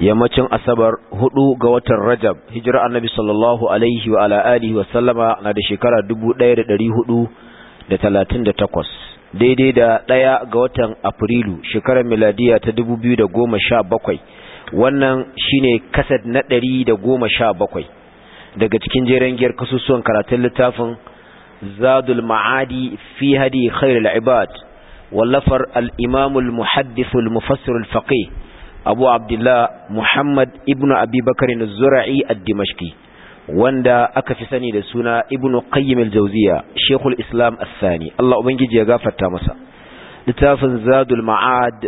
yammacin asabar hudu ga watan rajab hijira annabi sallallahu alaihi wa ala'alihi wa sallama na da shekara takwas daidai da daya ga watan afrilu shekarar miladiya ta da bakwai wannan shine kasad na da goma sha bakwai. daga cikin jeren giyar kasusuwan karatun littafin zadul ma'adi fi hadi khairul ibad wallafar al-imamul muhaddithul mufassirul faqih abu abdullah muhammad ibnu abi bakar zura'i ad wanda aka fi sani da suna ibnu qayyim al-jawziya shaykhul islam as-sani Allah ubangiji ya gafarta masa littafin zadul ma'ad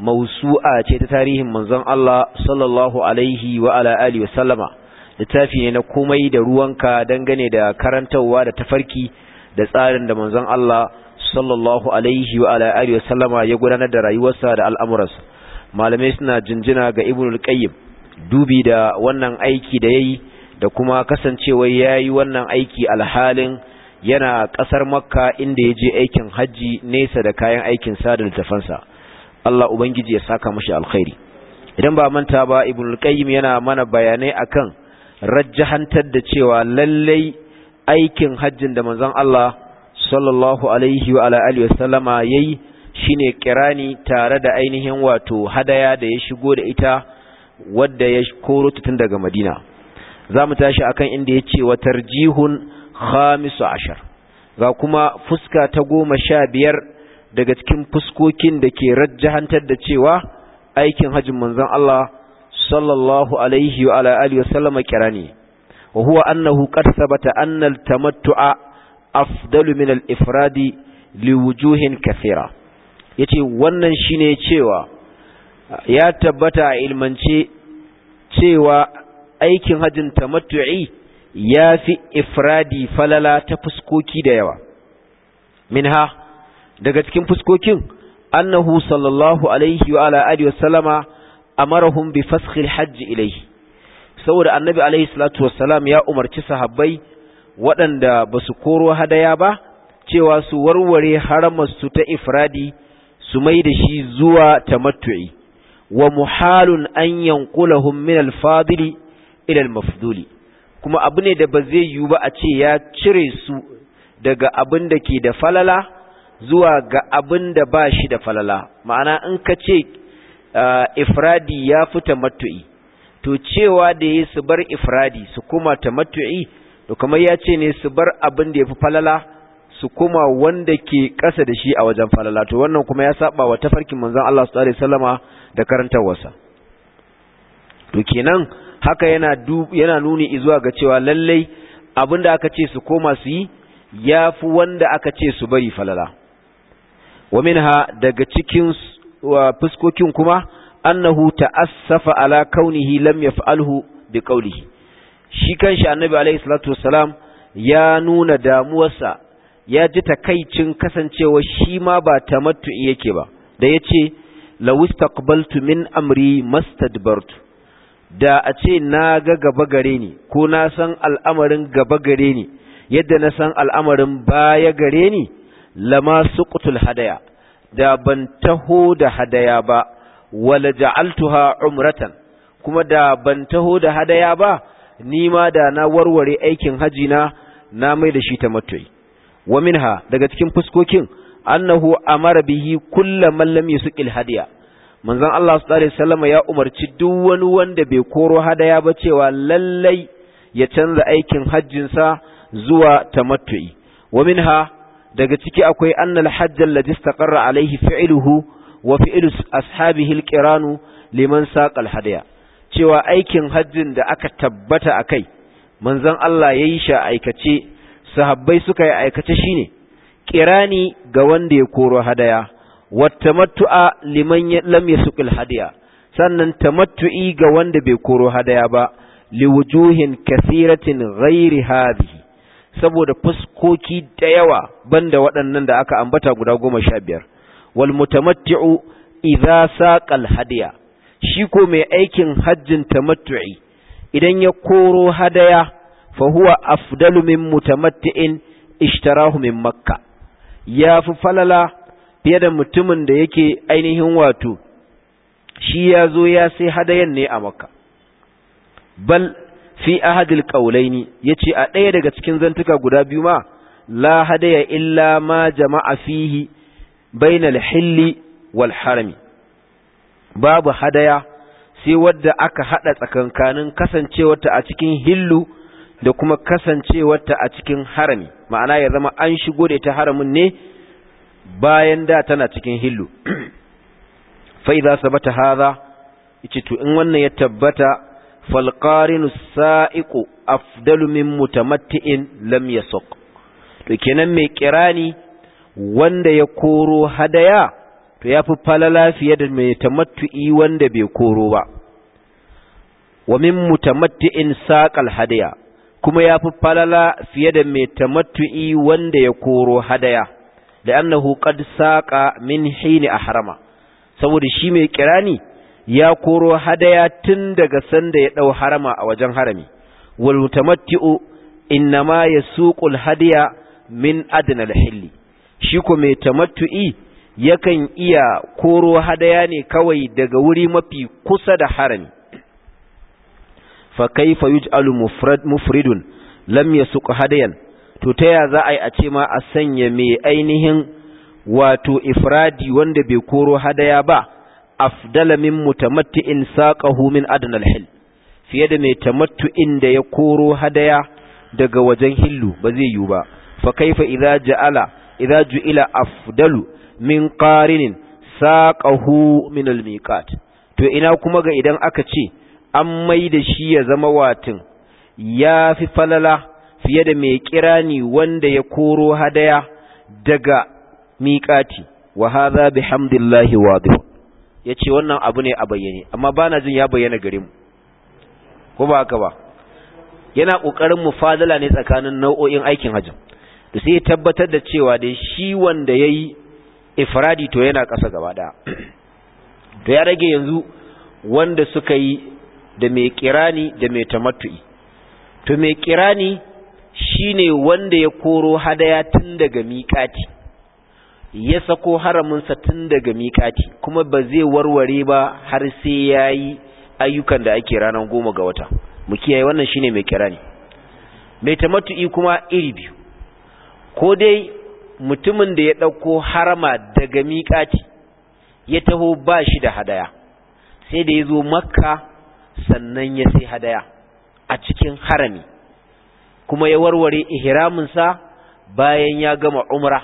mawsu'a ce ta tarihin manzon Allah sallallahu alaihi wa ala alihi wa sallama littafi ne na komai da ruwanka dangane da karantawa da tafarki da tsarin da manzon Allah sallallahu alaihi wa ala alihi wa sallama ya gudanar da rayuwarsa da al'amuransa malamai suna jinjina ga ibnul qayyim dubi da wannan aiki da yayi da kuma kasancewa yayi wannan aiki alhalin yana kasar makka inda ya je aikin hajji nesa da kayan aikin sa da Allah ubangiji ya saka mashi alkhairi idan ba manta ba ibnul qayyim yana mana bayanai akan rajjahantar da cewa lallai aikin hajjin da manzon Allah sallallahu alaihi wa alihi sallama yayi shine kirani tare da ainihin wato hadaya da ya shigo da ita wadda ya koro tun daga madina za mu tashi akan inda ya ce wa tarjihun khamisu ashar ga kuma fuska ta goma sha biyar daga cikin fuskokin da ke rajjahantar da cewa aikin hajjin manzon Allah sallallahu alaihi wa ala alihi wasallama kirani wa huwa annahu qad sabata anna al-tamattu'a afdalu min al-ifradi liwujuhin kathira yace wannan shine cewa ya tabbata a ilmance cewa aikin hajjin tamattu'i ya fi ifradi falala ta fuskoki da yawa minha daga cikin fuskokin annahu sallallahu alaihi wa ala alihi wasallama amarahum bi faskhil hajj ilayhi saboda annabi alaihi salatu wassalam ya umarci sahabbai waɗanda ba su koro hadaya ba cewa su warware haramarsu ta ifradi su mai da shi zuwa tamattu'i wa muhalun an yanqulahum min al-fadili ila al-mafduli kuma abu ne da ba zai yiwu ba a ce ya cire su daga abin da ke da falala zuwa ga abin da ba shi da falala ma'ana in ka ce uh, ifradi ya fi tamattu'i to cewa da ya su bar ifradi su kuma tamattu'i to kamar ya ce ne su bar abin da ya fi falala su kuma wanda ke ƙasa da shi a wajen falala to wannan kuma ya saba wa tafarkin manzon Allah sallallahu alaihi wasallama da karantawarsa to kenan haka yana yana nuni izuwa ga cewa lallai abinda aka ce su koma su yi yafi wanda aka ce su bari falala wa minha daga cikin fuskokin kuma annahu ta'assafa ala kaunihi lam yaf'alhu bi qawlihi shi kanshi annabi alaihi salatu wassalam ya nuna damuwarsa ya ji takaicin kasancewa shi ma ba ta tamattu'i yake ba da yace lawistakbaltu min amri mastadbartu da a ce na ga gaba gare ni ko na san al'amarin gaba gare ni yadda na san al'amarin baya gare ni lama suqtul hadaya da ban taho da hadaya ba wala ja'altuha umratan kuma da ban taho da hadaya ba ni ma da na warware aikin haji na na mai da shi ta tamattu'i wa minha daga cikin fuskokin annahu amara bihi kullu man lam yusqil hadiya manzon Allah sallallahu alaihi wasallam ya umarci duk wani wanda bai koro hadaya ba cewa lallai ya canza aikin hajjin sa zuwa tamattu'i wa minha daga ciki akwai annal hajjal ladhi istaqarra alaihi fi'luhu wa fi'lu ashabihi alqiranu liman saqal hadaya cewa aikin hajjin da aka tabbata akai manzon Allah yayi sha aikace sahabbai suka yi aikace shine kirani ga wanda ya koro hadaya wattamattu'a liman lam yasuqil hadiya sannan tamattu'i ga wanda bai koro hadaya ba liwujuhin kathiratin rairi hadhihi saboda fuskoki da yawa banda waɗannan da aka ambata guda goma sha biyar wal mutamatti'u idza saqal hadiya shi ko mai aikin hajjin tamattu'i idan ya koro hadaya fa huwa afdalu min mutamatti'in ishtarahu min makka ya fi falala fiye da mutumin da yake ainihin wato shi ya zo ya sai hadayen ne a makka bal fi ahadil qaulaini yace a ɗaya daga cikin zantuka guda biyu ma la hadaya illa ma jama'a fihi bainal hilli wal harami babu hadaya sai wadda aka hada tsakankanin kasancewarta a cikin hillu da kuma kasancewarta a cikin harami ma'ana ya zama an shigo da ita haramin ne bayan da tana cikin hillu fa idza sabata hadha yace to in wannan ya tabbata fal qarinu sa'iqu afdalu min mutamatti'in lam yasuq to kenan mai kirani wanda ya koro hadaya to yafi falala fiye da mai tamattu'i wanda bai koro ba wa min mutamatti'in saqal hadaya kuma ya fi falala fiye da mai tamatu'i wanda ya koro hadaya da annahu qad saqa min hini harama saboda shi mai kirani ya koro hadaya tun daga sanda ya ɗau harama a wajen harami wal ma ya suƙul hadaya min adana da hilli shi ko mai tamatu'i yakan iya koro hadaya ne kawai daga wuri mafi kusa da harami fa kaifa yuj'alu mufridun lam yasuq hadayan to ta ya za a yi a ce ma a sanya mai ainihin wato ifradi wanda bai koro hadaya ba afdala min mutamatti'in saqahu min adna al-hil fiye da mai tamattu'in da ya koro hadaya daga wajen hillu ba zai yiwu ba fa kaifa idza ja'ala idza ju'ila afdalu min qarinin saqahu min al-miqat to ina kuma ga idan aka ce an mai da shi ya zama watin ya fi falala fiye da mai kirani wanda ya koro hadaya daga miƙati wa hadha bihamdillahi Ya ce wannan abu ne a bayyane amma bana jin ya bayyana gare mu ko ba haka ba yana kokarin fadala ne tsakanin nau'o'in aikin hajji da sai tabbatar da cewa dai shi wanda yayi ifradi to yana ƙasa gaba daya to ya rage yanzu wanda suka yi da mai kirani da mai tamattu'i to mai kirani shine wanda ya koro hadaya tun daga miƙati ya sako haraminsa tun daga miƙati kuma ba zai warware ba har sai ya yi ayyukan da ake ranar goma ga wata mu kiyaye wannan shine mai kirani mai tamattu'i kuma iri biyu ko dai mutumin da ya ɗauko harama daga miƙati ya taho ba shi da hadaya sai da ya zo makka sannan ya sai hadaya a cikin harami kuma ya warware ihraminsa bayan ya gama umra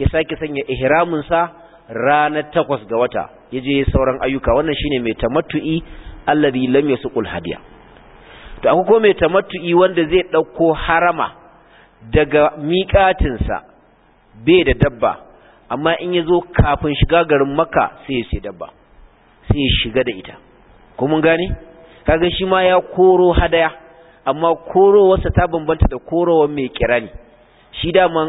ya sake sanya ihraminsa ranar takwas ga wata ya je sauran ayyuka wannan shine mai tamattu'i alladhi lam yasuqul hadiya to akwai kuma mai tamattu'i wanda zai ɗauko harama daga miƙatinsa bai da dabba amma in ya zo kafin shiga garin Makka sai ya sai dabba sai ya shiga da ita ko mun gane kaga shi ma ya koro hadaya amma korowarsa ta bambanta da korowar mai kirani shi daman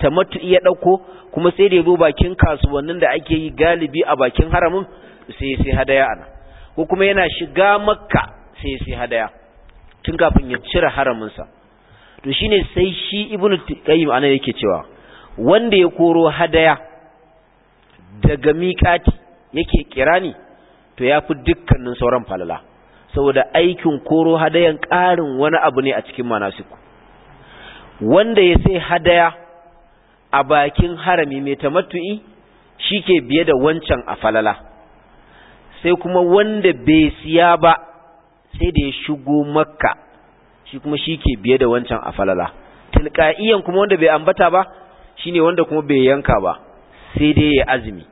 tamattu iya ɗauko kuma sai da yabo bakin kasuwannin da ake yi galibi a bakin haramun sai sai hadaya ana ko kuma yana shiga makka sai sai hadaya tun kafin ya cire haraminsa to shine sai shi ibnu qayyim ana yake cewa wanda ya koro hadaya daga miƙati yake kirani to ya fi dukkanin sauran falala saboda aikin koro hadayan ƙarin wani abu ne a cikin manasiku wanda ya sai hadaya a bakin harami mai tamattu'i shi ke biye da wancan a falala sai kuma wanda bai siya ba sai da ya shigo makka shi kuma shi ke biye da wancan a falala tilka'iyan kuma wanda bai ambata ba shine wanda kuma bai yanka ba sai dai ya azumi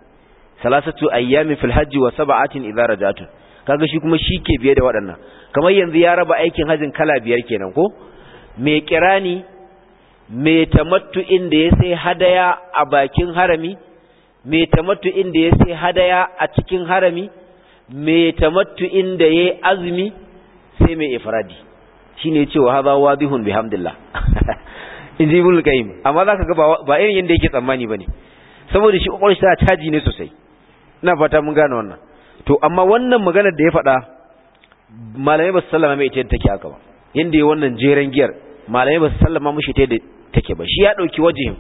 salasatu ayyamin fil hajji wa sab'atin idza rajatu kaga shi kuma shi ke biye da waɗannan kamar yanzu ya raba aikin hajjin kala biyar kenan ko me kirani me tamattu'in da ya sai hadaya a bakin harami me tamattu'in da ya sai hadaya a cikin harami me tamattu'in da ya azumi sai me ifradi shine cewa hadha wadihun bihamdillah injibul ibn qayyim amma zaka ga ba irin yanda yake tsammani bane saboda shi kokarin shi ta caji ne sosai ina fata mun gane wannan to amma wannan maganar da ya faɗa malamai ba su sallama mai ita take haka ba yadda ya wannan jeren giyar malamai ba su sallama mishi ita take ba shi ya ɗauki wajihin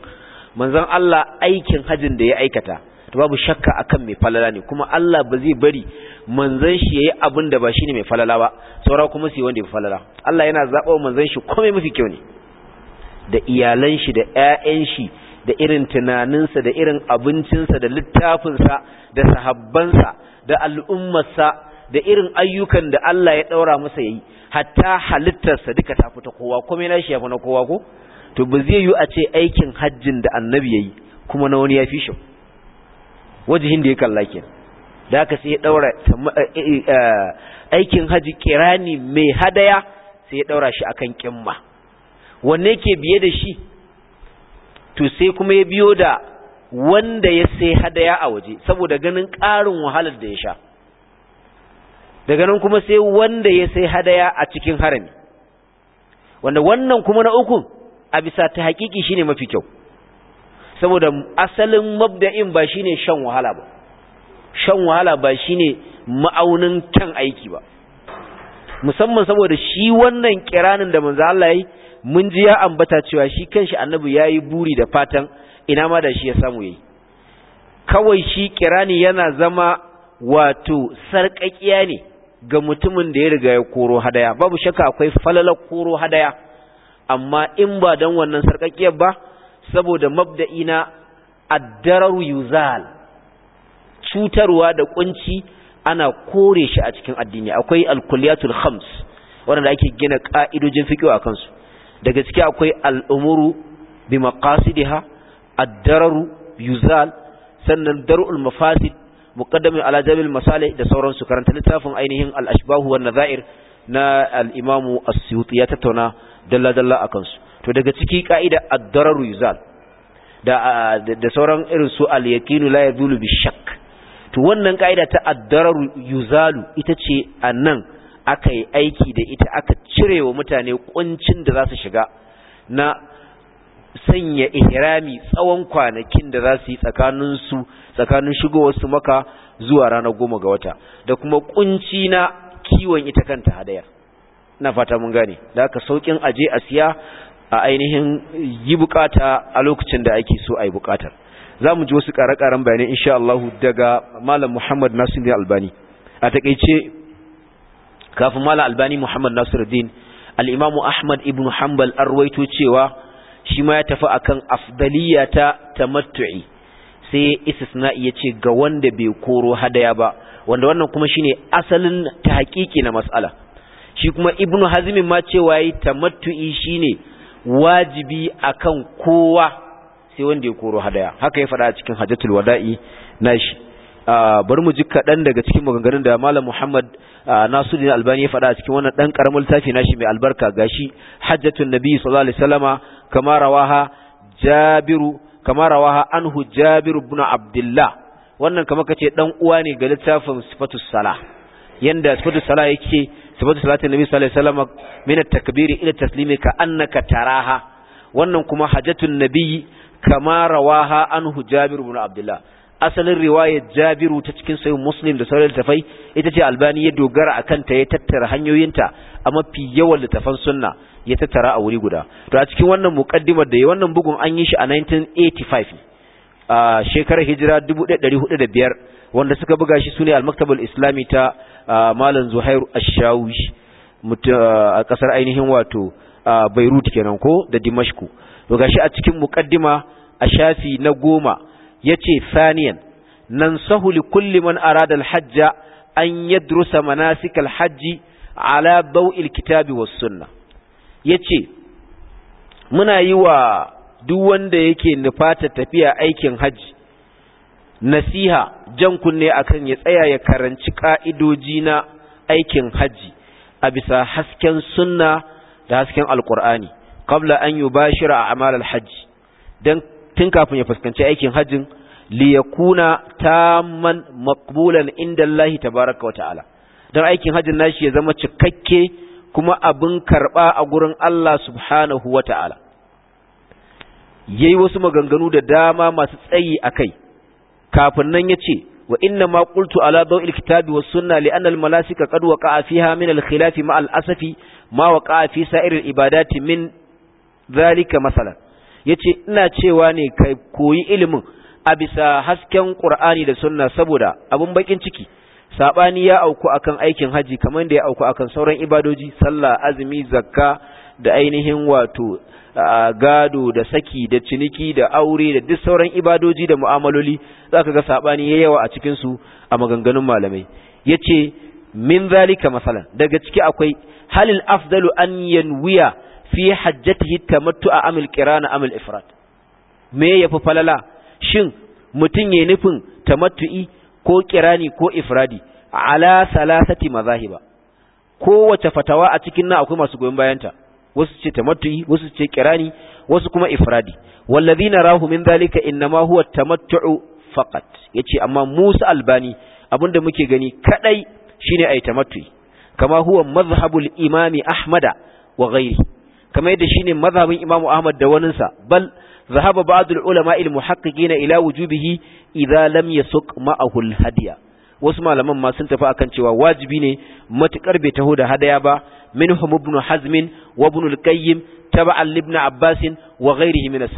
manzon Allah aikin hajin da ya aikata to babu shakka akan mai falala ne kuma Allah ba zai bari manzon shi yayi abin da ba shi ne mai falala ba saura kuma su yi wanda ya falala Allah yana zaɓa manzon shi komai mafi kyau ne da iyalan shi da ƴaƴan shi da irin tunaninsa da irin abincinsa da littafinsa da sahabbansa da al'ummarsa da irin ayyukan da Allah ya ɗaura masa yi hatta halittarsa duka ta fita kowa komai na shi ya na kowa ko to ba zai yi a ce aikin hajjin da annabi ya yi kuma na wani ya fi shi wajihin da ya kalla ke da aka sai ya ɗaura eh, eh, eh, aikin hajji kirani mai hadaya sai ya ɗaura shi akan kimma wanne ke biye da shi to sai kuma ya biyo da wanda ya sai hadaya a waje saboda ganin ƙarin wahalar da ya sha daga nan kuma sai wanda ya sai hadaya a cikin harami wanda wannan kuma na uku a bisa ta hakiki shine mafi kyau saboda asalin mabda'in ba shine shan wahala ba shan wahala ba shine ma'aunin kan aiki ba musamman saboda shi wannan kiranin da manzo Allah yayi mun ji ya ambata cewa shi kanshi annabi yi buri da fatan ina ma da shi ya samu yayi kawai shi kirani yana zama wato sarƙaƙiya ne ga mutumin da ya riga ya koro hadaya babu shakka akwai falalar koro hadaya amma in ba don wannan sarƙaƙiyar ba saboda mabda'i na addararu yuzal cutarwa da kunci ana kore shi a cikin addini akwai alkuliyatul khams wanda ake gina ka'idojin fiqh a kansu daga ciki akwai al'umuru bi maqasidiha ad yuzal sannan daru'ul mafasid muƙaddamin alajabin jabil da sauran su karanta littafin ainihin al wa wan na al'imamu imam ya tattauna dalla dalla a kansu to daga ciki ka'ida ad yuzal da sauran irin su alyakinu yaqinu la bi shakk to wannan ka'ida ta ad-dararu yuzalu ita ce nan. aka yi aiki da ita aka cire wa mutane ƙuncin da za su shiga na sanya ihrami tsawon kwanakin da za su yi tsakaninsu tsakanin shigowarsu maka zuwa ranar goma ga wata da kuma ƙunci na kiwon ita kanta hadayar na fata mun gane da aka saukin aje a siya a ainihin yi bukata a lokacin da ake so a yi bukatar za mu ji wasu ƙare-ƙaren bayanai insha Allah daga Malam Muhammad Nasiru Albani a taƙaice. kafin mala albani muhammad nasiruddin al-imamu ahmad ibn hanbal arwaito cewa shi ma ya tafi akan afdaliya ta tamattu'i sai istisna'i yace ga wanda bai koro hadaya ba wanda wannan kuma shine asalin hakiki na matsala, shi kuma ibnu Hazimin ma cewa yi tamattu'i shine wajibi akan kowa sai wanda ya koro hadaya haka ya faɗa a cikin hajjatul wada'i shi. Ah, bari mu ji kaɗan daga cikin maganganun da Malam Muhammad ah, Nasiruddin Albani ya faɗa a cikin wannan ɗan ƙaramin littafi nashi mai albarka gashi Hajjatun Nabi sallallahu alaihi wasallama kama rawaha Jabiru kama rawaha anhu Jabiru ibn Abdullah wannan kamar kace dan uwa ne ga littafin Sifatus Salah yanda Sifatus Salah yake Sifatus ta Nabi sallallahu alaihi wasallama min at-takbiri ila taslimi ka annaka taraha wannan kuma Hajjatun Nabi kama rawaha anhu Jabiru ibn Abdullah asalin riwayar jabiru ta cikin sayin muslim da sauran littafai ita ce albani ya dogara a kanta ya tattara hanyoyinta a mafi yawan littafan sunna ya tattara a wuri guda to a cikin wannan mukaddimar da ya wannan bugun an yi shi a 1985 a shekarar hijira 1405 wanda suka buga shi sune al-maktabul islami ta malam zuhairu ash-shawish a kasar ainihin wato beirut kenan ko da dimashku to gashi a cikin mukaddima a shafi na goma yace saniyan nan sahuli kulli man arada al-hajja an yadrusa manasik al-hajji ala daw'il kitabi was sunnah yace muna yi wa duk wanda yake nufata tafiya aikin hajji nasiha jan kunne akan ya tsaya ya karanci ka'idoji na aikin hajji a bisa hasken sunna da hasken alkur'ani qabla an yubashira a'mal hajji dan tun kafin ya fuskanci aikin hajjin li yakuna tamman maqbulan inda Allah tabaaraka wa ta'ala dan aikin hajjin nashi ya zama cikakke kuma abin karba a gurin Allah subhanahu wa ta'ala yayi wasu maganganu da dama masu tsayi akai kafin nan yace wa inna ma qultu ala dawil kitabi was sunna li anna al malasika qad waqa'a fiha min al khilaf ma al asafi ma waqa'a fi sa'ir al ibadati min dhalika masalan Ya ce ina cewa ne ka koyi ilimin a bisa hasken ƙur'ani da Sunna saboda abin bakin ciki saɓani ya auku akan aikin haji kamar da ya auku akan sauran ibadoji sallah azumi zakka da ainihin wato gado da saki da ciniki da aure da duk sauran ibadoji da mu'amaloli za ka ga saɓani ya yawa a cikinsu a maganganun malamai Ya ce min zalika masalan daga ciki akwai halin afdalu an yanwiya fi hajjatihi tamattu'a amil qirana amil ifrad me yafi falala shin mutun yayin nufin tamattu'i ko qirani ko ifradi ala salasati mazahiba kowace fatawa a cikin nan akwai masu goyon bayanta wasu ce tamattu'i wasu ce qirani wasu kuma ifradi wallazina rahu min zalika inma huwa tamattu'u faqat yace amma Musa Albani abinda muke gani kadai shine ayi tamattu'i kama huwa madhhabul imami Ahmada wa ghairihi kamar yadda shine mazhabin Imam Ahmad da waninsa bal zahaba ba'dul ulama il muhaqqiqina ila wujubihi idza lam yasuq ma'ahu al hadiya wasu malaman ma sun tafi akan cewa wajibi ne matukar bai taho da hadaya ba minhum ibn hazm wa ibn al qayyim tab'an ibn abbas wa ghayrihi min as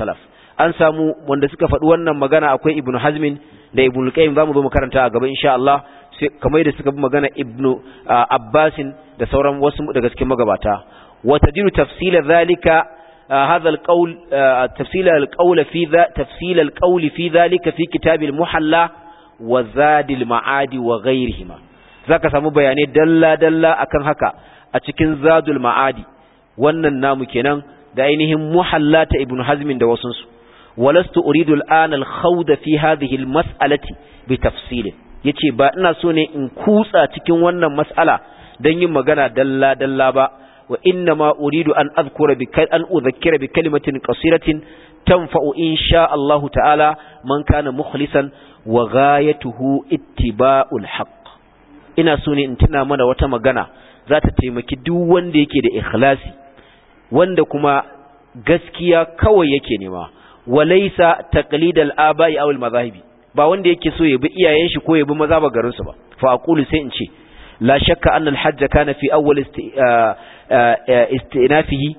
an samu wanda suka faɗi wannan magana akwai ibn hazm da ibn al qayyim zamu zo mu a gaba insha Allah kamar da suka bi magana ibn da sauran wasu daga cikin magabata وتجد تفصيل ذلك هذا القول تفصيل القول في تفصيل القول في ذلك في كتاب المحلى وزاد المعاد وغيرهما samu bayanai dalla dalla akan haka a cikin zadul ma'adi wannan namu kenan da ainihin muhallata ibn hazmin da wasun su walastu uridu al'an al-khawd fi hadhihi al-mas'alati bi tafsil yace ba ina so ne in kutsa cikin wannan mas'ala dan yin magana dalla dalla ba wa inna ma uridu an azkura bi an udhakkira bi kalimatin qasiratin tanfa'u insha Allah ta'ala man kana mukhlisan wa ghayatuhu ittiba'ul haqq ina so ne in tuna mana wata magana za ta taimaki duk wanda yake da ikhlasi wanda kuma gaskiya kawai yake nema walaisa taqlidal aba'i aw al mazahibi ba wanda yake so ya bi iyayen shi ko ya bi maza ba garin su ba fa aqulu sai in ce la shakka anna al hajj kana fi awwal ah, istinafihi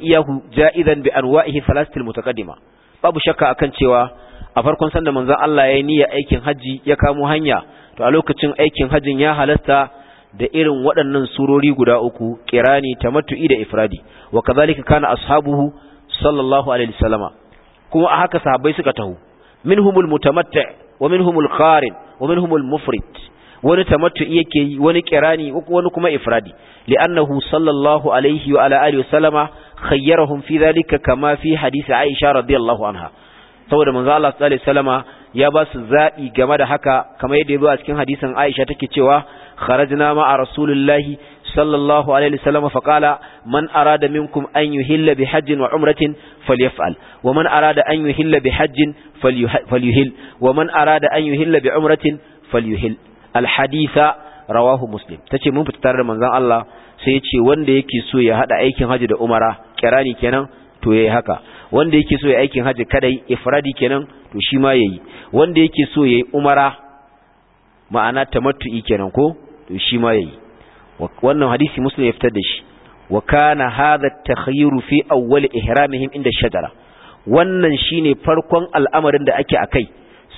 iyahu ja'idan bi anwa'ihi thalathil babu shakka akan cewa a farkon sanda manzon Allah ya niyya aikin hajji ya kamo hanya to a lokacin aikin hajin ya halasta da irin waɗannan surori guda uku kirani tamattu'i da ifradi wa kadhalika kana ashabuhu sallallahu alaihi wasallama kuma a haka sahabai suka taho minhumul mutamatta wa minhumul qarin wa minhumul mufrid wani tamattu'i yake yi wani kirani wani kuma ifradi li'annahu sallallahu alaihi wa ala alihi wasallama khayyarahum fi dhalika kama fi hadisi Aisha radiyallahu anha saboda manzo Allah sallallahu alaihi wasallama ya ba su zabi game da haka kamar yadda ya zo a cikin hadisin Aisha take cewa kharajna ma'a rasulillahi sallallahu alaihi wasallam faqala man arada minkum an yuhilla bi hajjin wa umratin falyaf'al wa man arada an yuhilla bi hajjin falyuhil wa man arada an yuhilla bi umratin falyuhil alhaditha rawahu muslim tace mun fita tare da manzon Allah sai ya ce wanda yake so ya hada aikin haji da umara kirani kenan to yi haka wanda yake so ya aikin haji kadai ifradi kenan to shi ma yi wanda yake so yayi umara ma'ana matu'i kenan ko to shi ma yi wannan hadisi muslim ya fitar da shi wa kana hadha at fi awwal ihramihim inda shajara wannan shine farkon al'amarin da ake akai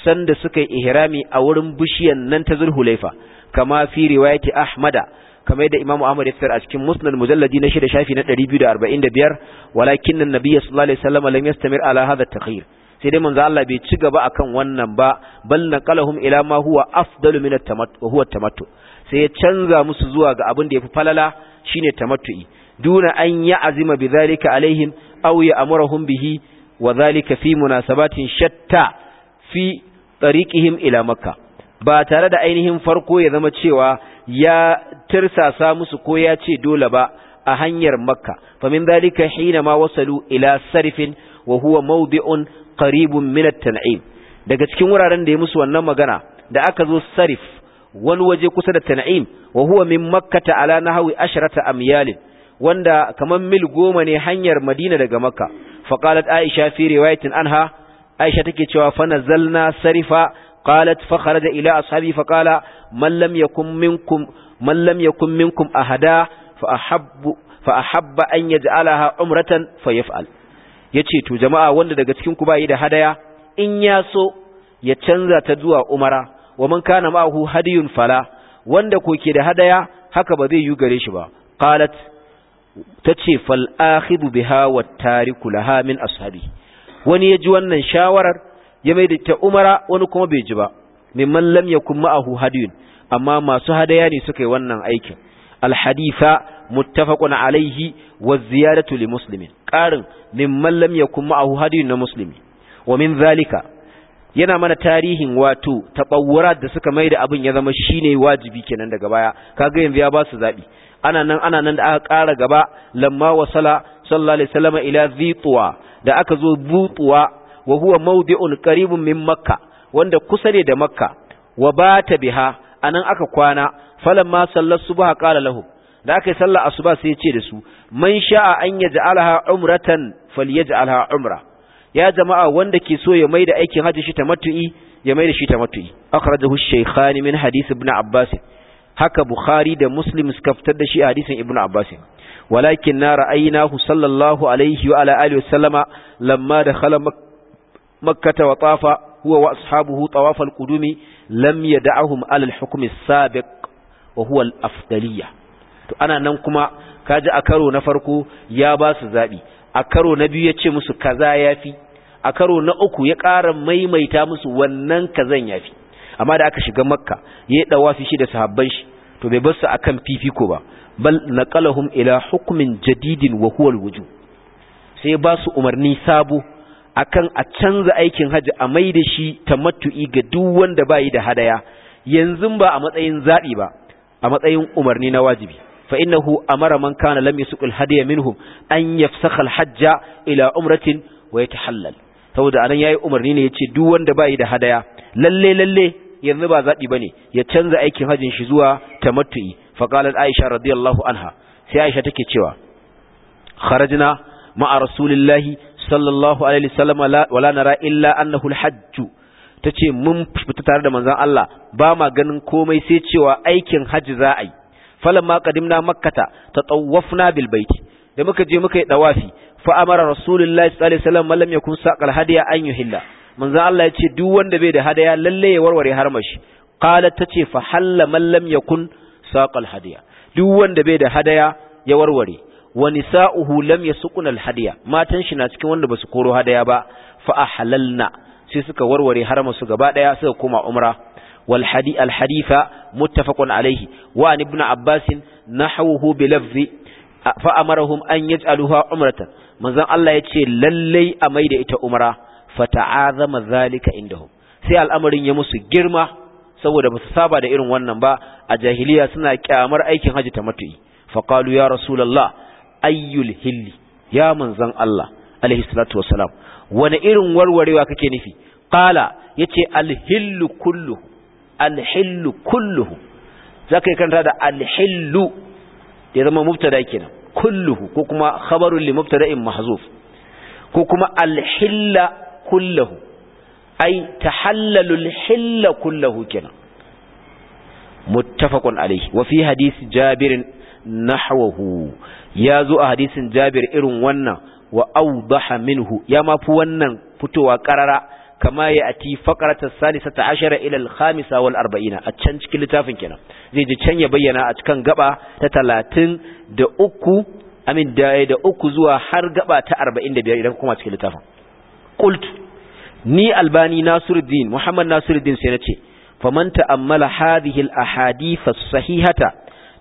sanda suka yi ihrami a wurin bishiyan nan ta Zulhulaifa kama fi riwayati Ahmada kamar yadda Imam Ahmad ya fitar a cikin Musnad mujalladi na shida shafi na 245 walakin an-nabiy sallallahu alaihi wasallam lam yastamir ala hadha at sai dai manzo Allah bai ci gaba akan wannan ba bal naqalahum ila ma huwa afdalu min at-tamattu huwa at-tamattu sai ya canza musu zuwa ga abin da yafi falala shine tamattu'i duna an azima bidhalika alaihim aw ya'muruhum bihi wa dhalika fi munasabatin shatta fi tariqihim ila makka ba tare da ainihin farko ya zama cewa ya tirsasa musu ko ya ce dole ba a hanyar makka famin dalika hina ma wasalu ila sarfin wa huwa mawdi'un qaribun min at-tan'im daga cikin wuraren da ya musu wannan magana da aka zo sarif wani waje kusa da tan'im wa huwa min makkata ala nahwi asharata amyal wanda kaman mil goma ne hanyar madina daga makka faqalat aisha fi riwayatin anha aisha take cewa fa nazalna sarifa qalat fa kharaja ila ashabi fa qala man lam yakun minkum man lam yakun minkum ahada fa ahabbu fa ahabba an yaj'alaha umratan fa yaf'al yace to jama'a wanda daga cikin ku bai da hadaya in ya so ya canza ta zuwa umara wa man kana ma'ahu hadiyun fala wanda ko ke da hadaya haka ba zai yi gare shi ba qalat tace fal akhidu biha wat tariku laha min ashabi wani ya ji wannan shawarar ya mai da ta umara wani kuma bai ji ba mimman lam a ma'ahu hadiyun amma masu hadaya ne suka yi wannan aikin alhadifa muttafaqun alaihi wa ziyadatu li muslimin qarin mimman lam a ma'ahu hadiyun na muslimi wa min zalika yana mana tarihin wato tabawurat da suka mai da abin ya zama shine wajibi kenan daga baya kaga yanzu ya ba su zabi ana nan ana nan da aka ƙara gaba lamma sala sallallahu alaihi wasallam ila zituwa da aka zo butuwa wa huwa mawdi'un qaribun min makka wanda kusa ne da makka wa bata biha anan aka kwana falamma sallat subha qala lahu da aka yi sallar asuba sai ya ce da su man sha'a an yaj'alha umratan falyaj'alha umra ya jama'a wanda ke so ya mai da aikin haji shi tamattu'i ya maida shi tamattu'i akhrajahu shaykhani min hadith ibn abbas haka bukhari da muslim suka fitar da shi a hadisin ibn abbas walakin na ra'aynahu sallallahu alaihi wa ala alihi wasallama lamma dakhala makkata wa wa ashabuhu tawaf al-qudumi lam yad'ahum ala al-hukm as-sabiq wa huwa al-afdaliyya to ana nan kuma kaji a karo na farko ya basu zaɓi a karo na biyu ya ce musu kaza yafi a karo na uku ya ƙara maimaita musu wannan kazan yafi amma da aka shiga makka ya dawafi shi da sahabban shi to bai bar su akan fifiko ba bal naqalahum ila hukmin jadidin wa huwa sai ba su umarni sabo akan a canza aikin haji a maida shi tamattu'i ga duk wanda bai da hadaya yanzu ba a matsayin zabi ba a matsayin umarni na wajibi fa innahu amara man kana lam yusuq alhadiya minhum an yafsakha alhajja ila umratin wa yatahallal saboda anan yayi umarni ne yace duk wanda bai da hadaya lalle lalle yanzu ba zabi bane ya canza aikin hajin shi zuwa tamattu'i faqalat aisha radiyallahu anha sai aisha take cewa kharajna ma'a rasulillahi sallallahu alaihi wasallam wala nara illa annahu alhajj tace mun fita tare da manzon Allah ba ma ganin komai sai cewa aikin haji za a yi falamma qadimna makkata tatawwafna bil bait da muka je muka yi dawafi fa amara rasulullahi sallallahu alaihi wasallam mallam yakun saqal hadiya an yuhilla manzon Allah ya ce duk wanda bai da hadaya lalle ya warware harmashi qalat tace fa halla man lam yakun saqal hadiya duk wanda bai da hadaya ya warware wa nisa'uhu lam yasquna al hadiya matan shi na cikin wanda basu koro hadaya ba fa ahlalna sai suka warware haramun su gaba daya suka koma umra wal hadi al hadifa muttafaqun alayhi wa an ibn abbas nahawuhu bi lafzi fa amarahum an yaj'aluha umratan manzon Allah yace lallai a maida ita umra fata'azama zalika indahum sai al'amarin ya musu girma saboda basu saba da irin wannan ba a jahiliya suna kyamar aikin haji ta matu'i faqalu ya rasulallah ayyul hilli ya manzon Allah alaihi salatu wassalam wani irin warwarewa kake nufi ya yace alhillu kulluhu alhillu kulluhu zaka kanta da alhillu ya zama mubtada kenan kulluhu ko kuma khabarun li in mahzuf ko kuma alhilla kulluhu ai tahallalul hilla kullahu kenan muttafaqun alayhi wa fi hadisi jabir nahwahu ya zo a hadisin jabir irin wannan wa awdaha minhu ya ma wannan fitowa karara kama ya ati faqrata salisata ashara ila al-khamisa wal arba'ina a can cikin littafin kenan zai ji can ya bayyana a cikin gaba ta 30 da uku amin da da uku zuwa har gaba ta 45 idan kuma cikin littafin ni albani nasiruddin muhammad nasiruddin sai na ce faman ta'ammala hadhihi al-ahadith as-sahihata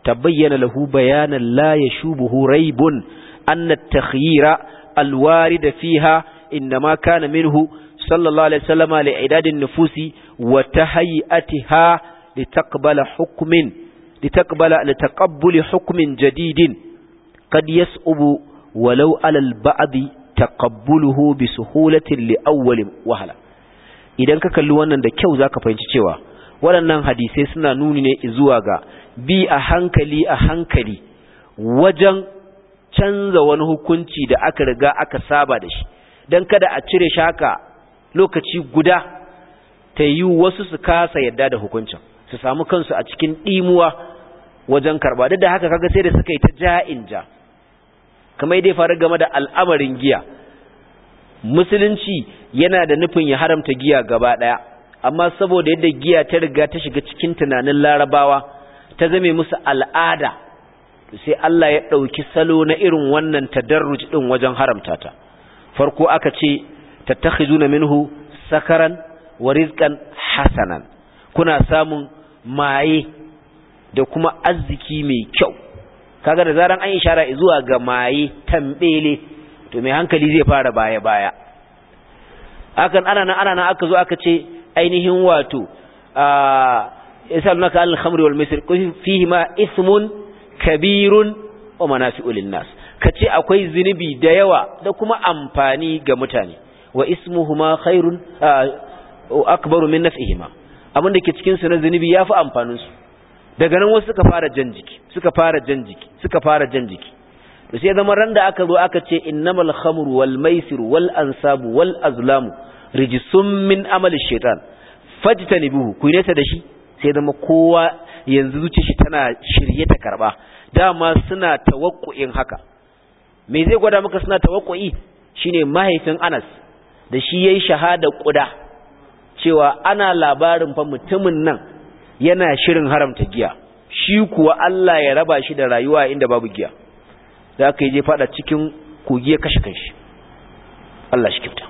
tabayyana lahu bayanan la yashubuhu raibun anna at-takhyira al-warid fiha inma kana minhu sallallahu alaihi wasallam li'idad nufusi wa tahayatiha litaqbala hukmin litaqbala litaqabbul hukmin jadidin qad yas'ubu walau alal al taqabbuluhu bi suhulatin li awwalin wahala idan ka kalli wannan da kyau zaka fahimci cewa waɗannan hadisai suna nuni ne zuwa ga bi a hankali a hankali wajen canza wani hukunci da aka riga aka saba da shi don kada a cire shaka lokaci guda ta yi wasu su kasa yadda da hukuncin su samu kansu a cikin ɗimuwa wajen karba duk da haka kaga sai da suka yi ta ja'in ja kamar dai faru game da al'amarin giya musulunci yana da nufin ya haramta giya gaba daya amma saboda yadda giya ta riga ta shiga cikin tunanin larabawa ta zame musu al'ada sai Allah ya ɗauki salo na irin wannan tadarruj ɗin wajen haramta ta farko aka ce tattakhizuna minhu sakaran wa rizqan hasanan kuna samun maye da kuma arziki mai kyau kaga da zaran an ishara zuwa ga maye tambele to mai hankali zai fara baya baya akan ana nan ana nan aka zo aka ce ainihin wato a yasalunaka al khamr wal misr fihi ma ismun kabirun wa manafi'u lin-nas kace akwai zinubi da yawa da kuma amfani ga mutane wa ismuhuma khairun akbaru min naf'ihima abinda ke cikin su na zinubi yafi amfanin su daga nan wasu suka fara jan jiki suka fara jan jiki suka fara jan jiki to sai zama ran da aka zo aka ce innamal khamru wal maisir wal ansabu wal azlam rijsum min amali shaytan fajtanibuhu ku nesa da shi sai zama kowa yanzu zuci shi tana shirye ta karba dama suna tawakkuin haka me zai gwada maka suna tawakkui shine mahaifin Anas da shi yayi shahada kuda cewa ana labarin fa mutumin nan yana shirin haramta giya shi kuwa Allah ya raba shi da rayuwa inda babu giya da aka yi je fada cikin kogi ya kashe kanshi Allah shi kifta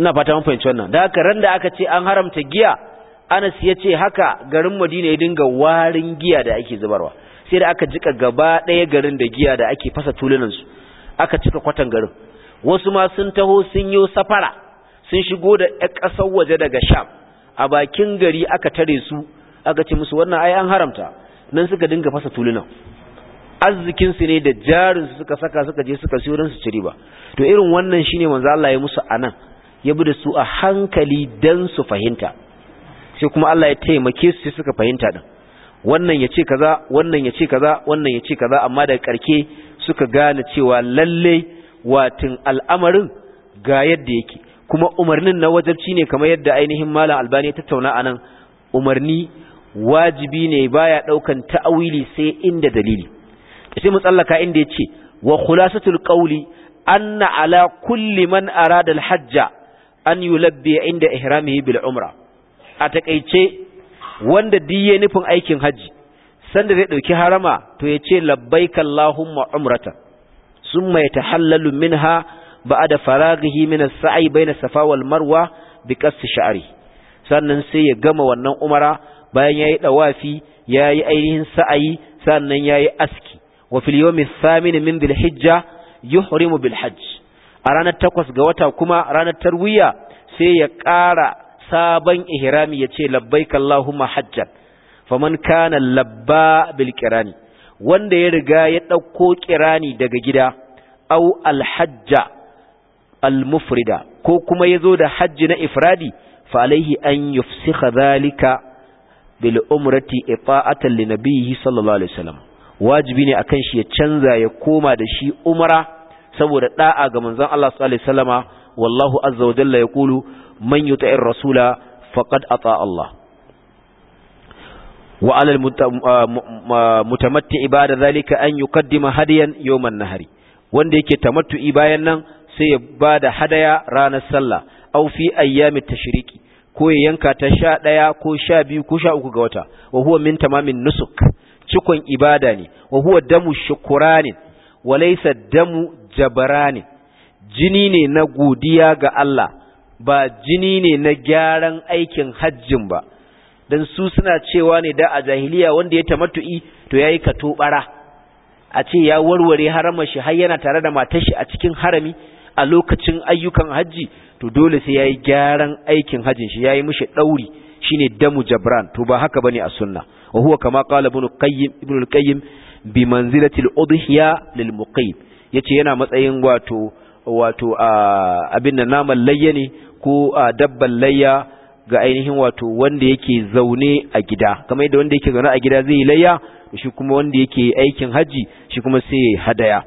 ina fata mun fahimci wannan da haka ran da aka ce an haramta giya Anas ya ce haka garin Madina ya dinga warin giya da ake zubarwa sai da aka jika gaba ɗaya garin da giya da ake fasa tulunansu aka cika kwatan garin wasu ma sun taho sun yi safara sun shigo da ƴan ƙasar waje daga sham a bakin gari aka tare su aka ce musu wannan ai an haramta nan suka dinga fasa tulunan arzikin su ne da jarin su suka saka suka je suka siyo don su ci ba to irin wannan shine manzo Allah ya musu anan ya bi da su a hankali dan su fahimta sai kuma Allah ya taimake su sai suka fahimta din wannan ya ce kaza wannan ya ce kaza wannan ya ce kaza amma daga karke suka gane cewa lalle watin al'amarin ga yadda yake kuma umarnin na wajabci ne kamar yadda ainihin malam albani ya tattauna anan umarni wajibi ne baya daukan ta'awili sai inda dalili sai mu tsallaka inda yace wa khulasatul qawli anna ala kulli man arada al-hajja an yulabbi inda ihramihi bil umra a takeice wanda diye nufin aikin haji sanda zai dauki harama to yace labbaik allahumma umrata summa yatahallalu minha ba'da da min as-sa'i bayna safa wal marwa bi qassi sha'ri sannan sai ya gama wannan umara bayan yayi dawafi yayi ainihin sa'ayi sannan yayi aski wa fil yawmi thamin min bil hijja yuhrimu bil hajj a ranar takwas ga wata kuma ranar tarwiya sai ya ƙara sabon ihrami ya ce labbaik Allahumma hajjan faman kana labba bil kirani wanda ya riga ya ɗauko kirani daga gida au alhajja al-mufrida ko kuma yazo da hajji na ifradi fa alaihi an yufsikha zalika bil umrati ita'atan li nabiyhi sallallahu alaihi wasallam wajibi ne akan shi ya canza ya koma da shi umara saboda da'a ga manzon Allah sallallahu alaihi wasallama wallahu azza wa jalla yaqulu man la rasula faqad ata Allah wa alal ah, mutamatti ibada zalika an yuqaddima hadiyan yawman nahari wanda yake tamattu'i bayan nan sai ya ba da hadaya ranar sallah au fi ayyami tashriqi ko ya yanka ta sha ɗaya ko sha biyu ko sha uku ga wata wa huwa min tamamin nusuk cikon ibada ne wa huwa damu shukuranin wa laysa damu jabaranin jini ne na godiya ga Allah ba jini ne na gyaran aikin hajjin ba dan su suna cewa ne da a jahiliya wanda ya tamattu'i to yayi katobara a ce ya warware haramar shi har yana tare da matar shi a cikin harami a lokacin ayyukan hajji to dole sai yayi gyaran aikin hajjin shi yayi mushi dauri shine damu jabran to ba haka bane a sunna wa huwa kama qala ibn qayyim ibn al-qayyim bi manzilati al-udhiya lil muqim yace yana matsayin wato wato abin da naman layya ne ko dabban layya ga ainihin wato wanda yake zaune a gida kamar yadda wanda yake zaune a gida zai layya shi kuma wanda yake aikin haji shi kuma sai hadaya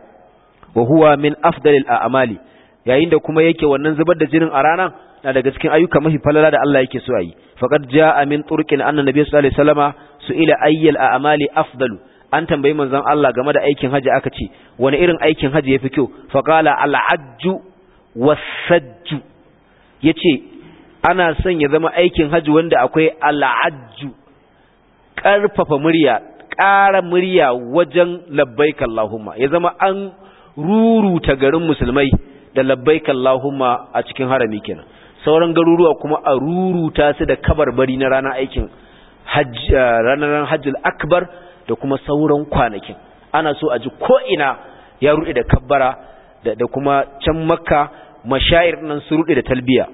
wa huwa min afdalil a'mali yayin da kuma yake wannan zubar da jinin a rana na daga cikin ayyuka mafi falala da Allah yake so a yi faqad jaa min turqin anna nabiy sallallahu alaihi wasallama su'ila ayyal a'mali afdalu an tambayi manzon Allah game da aikin haji aka ce wani irin aikin haji yafi kyau faqala al-hajju was-sajju yace ana son ya zama aikin haji wanda akwai al-hajju karfafa murya ƙara murya wajen labbaik Allahumma ya zama an ruruta garin musulmai da labbaik Allahumma a cikin harami kenan sauran garuruwa kuma a ruruta su da kabarbari na ranar aikin eh, ranar hajjul akbar da kuma sauran kwanakin ana so a ji ko'ina ina ya rude da kabbara da kuma can maka mashayir nan su rude da talbiya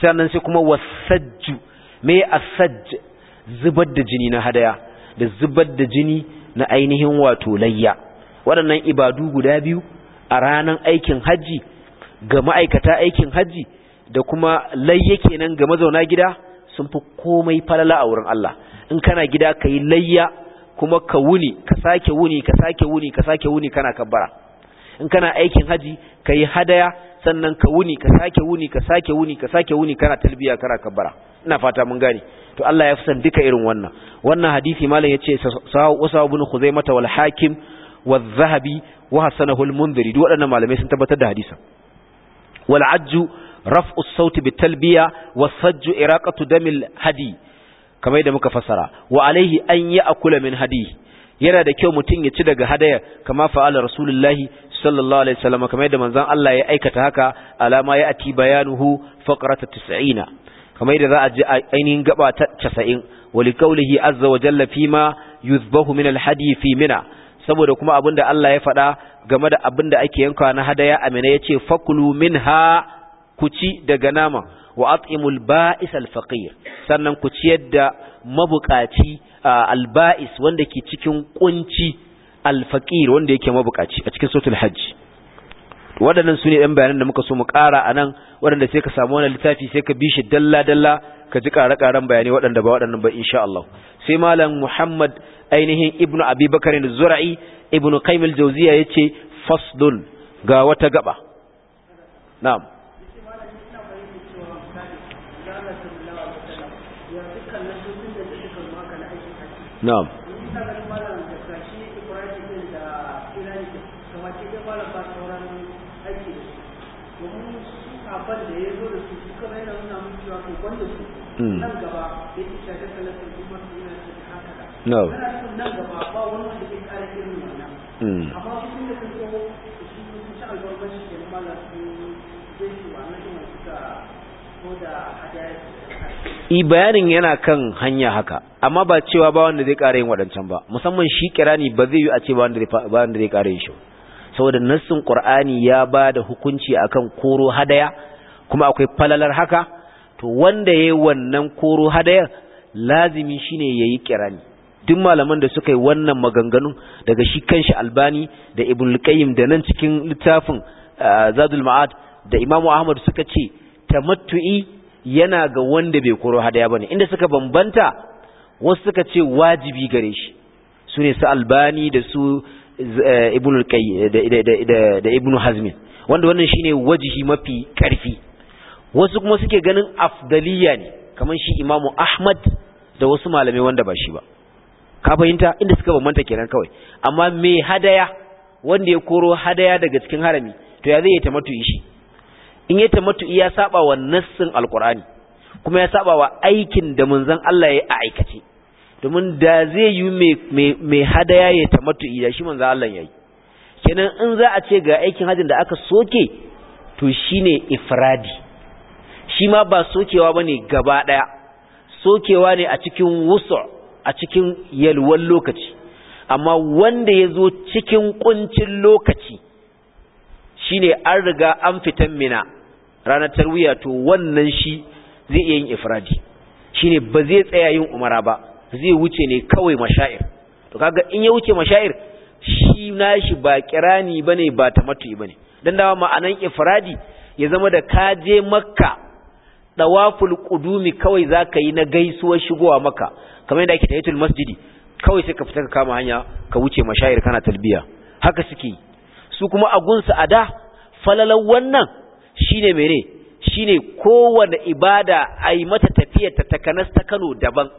sannan sai kuma wasajju me asajj zubar da jini na hadaya da zubar da jini na ainihin wato layya waɗannan ibadu guda biyu a ranar aikin hajji ga ma'aikata aikin hajji da kuma layya kenan ga mazauna gida sun fi komai falala a wurin Allah in kana gida ka yi layya kuma ka wuni ka sake wuni ka sake wuni ka sake wuni kana kabbara in kana aikin haji ka yi hadaya sannan ka wuni ka sake wuni ka sake wuni ka sake wuni kana talbiya kana kabbara ina fata mun gane to Allah ya fi san duka irin wannan wannan hadisi malam yace sa'u ibn khuzaimah wal hakim wal zahabi wa hasanahu al mundhiri duk waɗannan malamai sun tabbatar da hadisin wal ajju raf'u sauti bi talbiya was sajju damil hadi kamar yadda muka fasara wa alaihi an ya akula hadi yana da kyau mutum ya ci daga hadaya kama fa'ala rasulullahi sallallahu alaihi wasallam kamar yadda manzon Allah ya aikata haka alama ya ati bayanuhu faqrata 90 kamar yadda za a ji ainihin gabata casa'in wali wa liqaulihi azza wa jalla fima yuzbahu min alhadi fi mina saboda kuma abin da Allah ya faɗa game da abin da ake yankawa na hadaya amina ya ce fakulu min ha ku ci daga nama wa at'imul ba'is al-faqir sannan ku ciyar da mabukaci al-ba'is wanda ke cikin kunci al-faqir wanda yake mabukaci a cikin suratul hajj waɗannan su ne ɗan bayanan da muka so mu ƙara a nan waɗanda sai ka samu wani littafi sai ka bi shi dalla-dalla ka ji ƙare-ƙaren bayani waɗanda ba waɗannan ba insha Allah sai malam Muhammad ainihin Ibn Abi Bakar Zura'i Ibn Qayyim al ya ce fasdun ga wata gaba na'am na'am i bayanin yana kan hanya haka amma ba cewa ba wanda zai ƙara yin waɗancan ba musamman shi kirani ba zai yi a ce ba wanda zai ƙara yin shi saboda nassin ƙur'ani ya ba da hukunci akan koro hadaya kuma akwai falalar haka to wanda yayi wannan koro hadayar lazimi shine yayi kirani duk malaman da suka yi wannan maganganun daga shi kanshi albani da ibn qayyim da nan cikin littafin ah, zadul ma'ad da imamu ahmad suka ce tamattu'i yana ga wanda bai koro hadaya bane inda suka bambanta wasu suka ce wajibi gare shi su ne su albani da su eh, ibn qayyim da ibn hazm wanda wannan shine wajihi mafi karfi wasu kuma suke ganin afdaliya ne kamar shi imamu ahmad da wasu malamai wanda ba shi ba ka fahimta inda suka bambanta kenan kawai amma me hadaya wanda ya koro hadaya daga cikin harami to ya zai yi tamattu'i shi in ya tamattu'i ya saba wa nassin alqur'ani kuma ya saba wa aikin da manzon Allah ya a aikace domin da zai yi mai hadaya ya tamattu'i da shi manzon Allah ya yi kenan in za a ce ga aikin hajjin da aka soke to shine ifradi shi ma ba sokewa ba ne gaba ɗaya sokewa ne a cikin wusa, a cikin yalwan lokaci amma wanda ya zo cikin ƙuncin lokaci shi ne an riga an fitan mina ranar tarwiyya to wannan shi zai iya yin ifradi shi ne ba zai tsaya yin umara ba zai wuce ne kawai masha'ir to kaga in ya wuce masha'ir shi nashi ba kirani bane ba ta tamattu bane dan dawa ma'anan ifradi ya zama da kaje makka dawaful qudumi kawai zaka yi na gaisuwar shigowa maka kamar yadda ake tahiyatul masjidi kawai sai ka fita ka kama hanya ka wuce mashayir kana talbiya haka suke su kuma agunsa ada falalan wannan shine mene shine kowanne ibada ai mata tafiya ta takanas ta Kano daban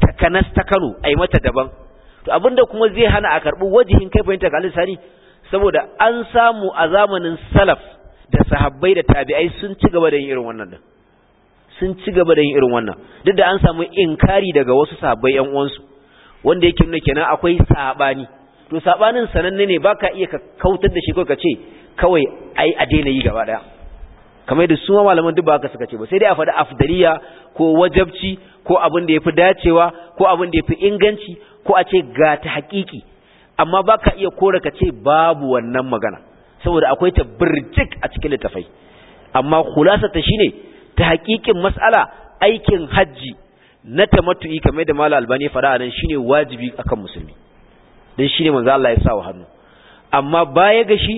takanas ta Kano ai mata daban to abinda kuma zai hana a karbi wajihin kai fahimta ga Sani saboda an samu a zamanin salaf da sahabbai da tabi'ai sun ci gaba da yin irin wannan sun ci gaba da yin irin wannan duk da an samu inkari daga wasu sahabbai yan uwansu wanda yake nuna kenan akwai sabani to sabanin sananne ne baka iya ka kautar da shi ko ka ce kawai ai a daina yi gaba daya kamar da su ma malaman duk baka suka ce ba sai dai a faɗi afdariya ko wajabci ko abin da yafi dacewa ko abin da yafi inganci ko a ce ga ta haƙiƙi amma baka iya kora ka ce babu wannan magana saboda akwai ta a cikin littafai amma kulasa ta shine ta hakikin mas'ala aikin hajji na tamattu'i kamar da malal albani fara nan shine wajibi akan musulmi dan shine manzo Allah ya sa wa hannu amma baya ga shi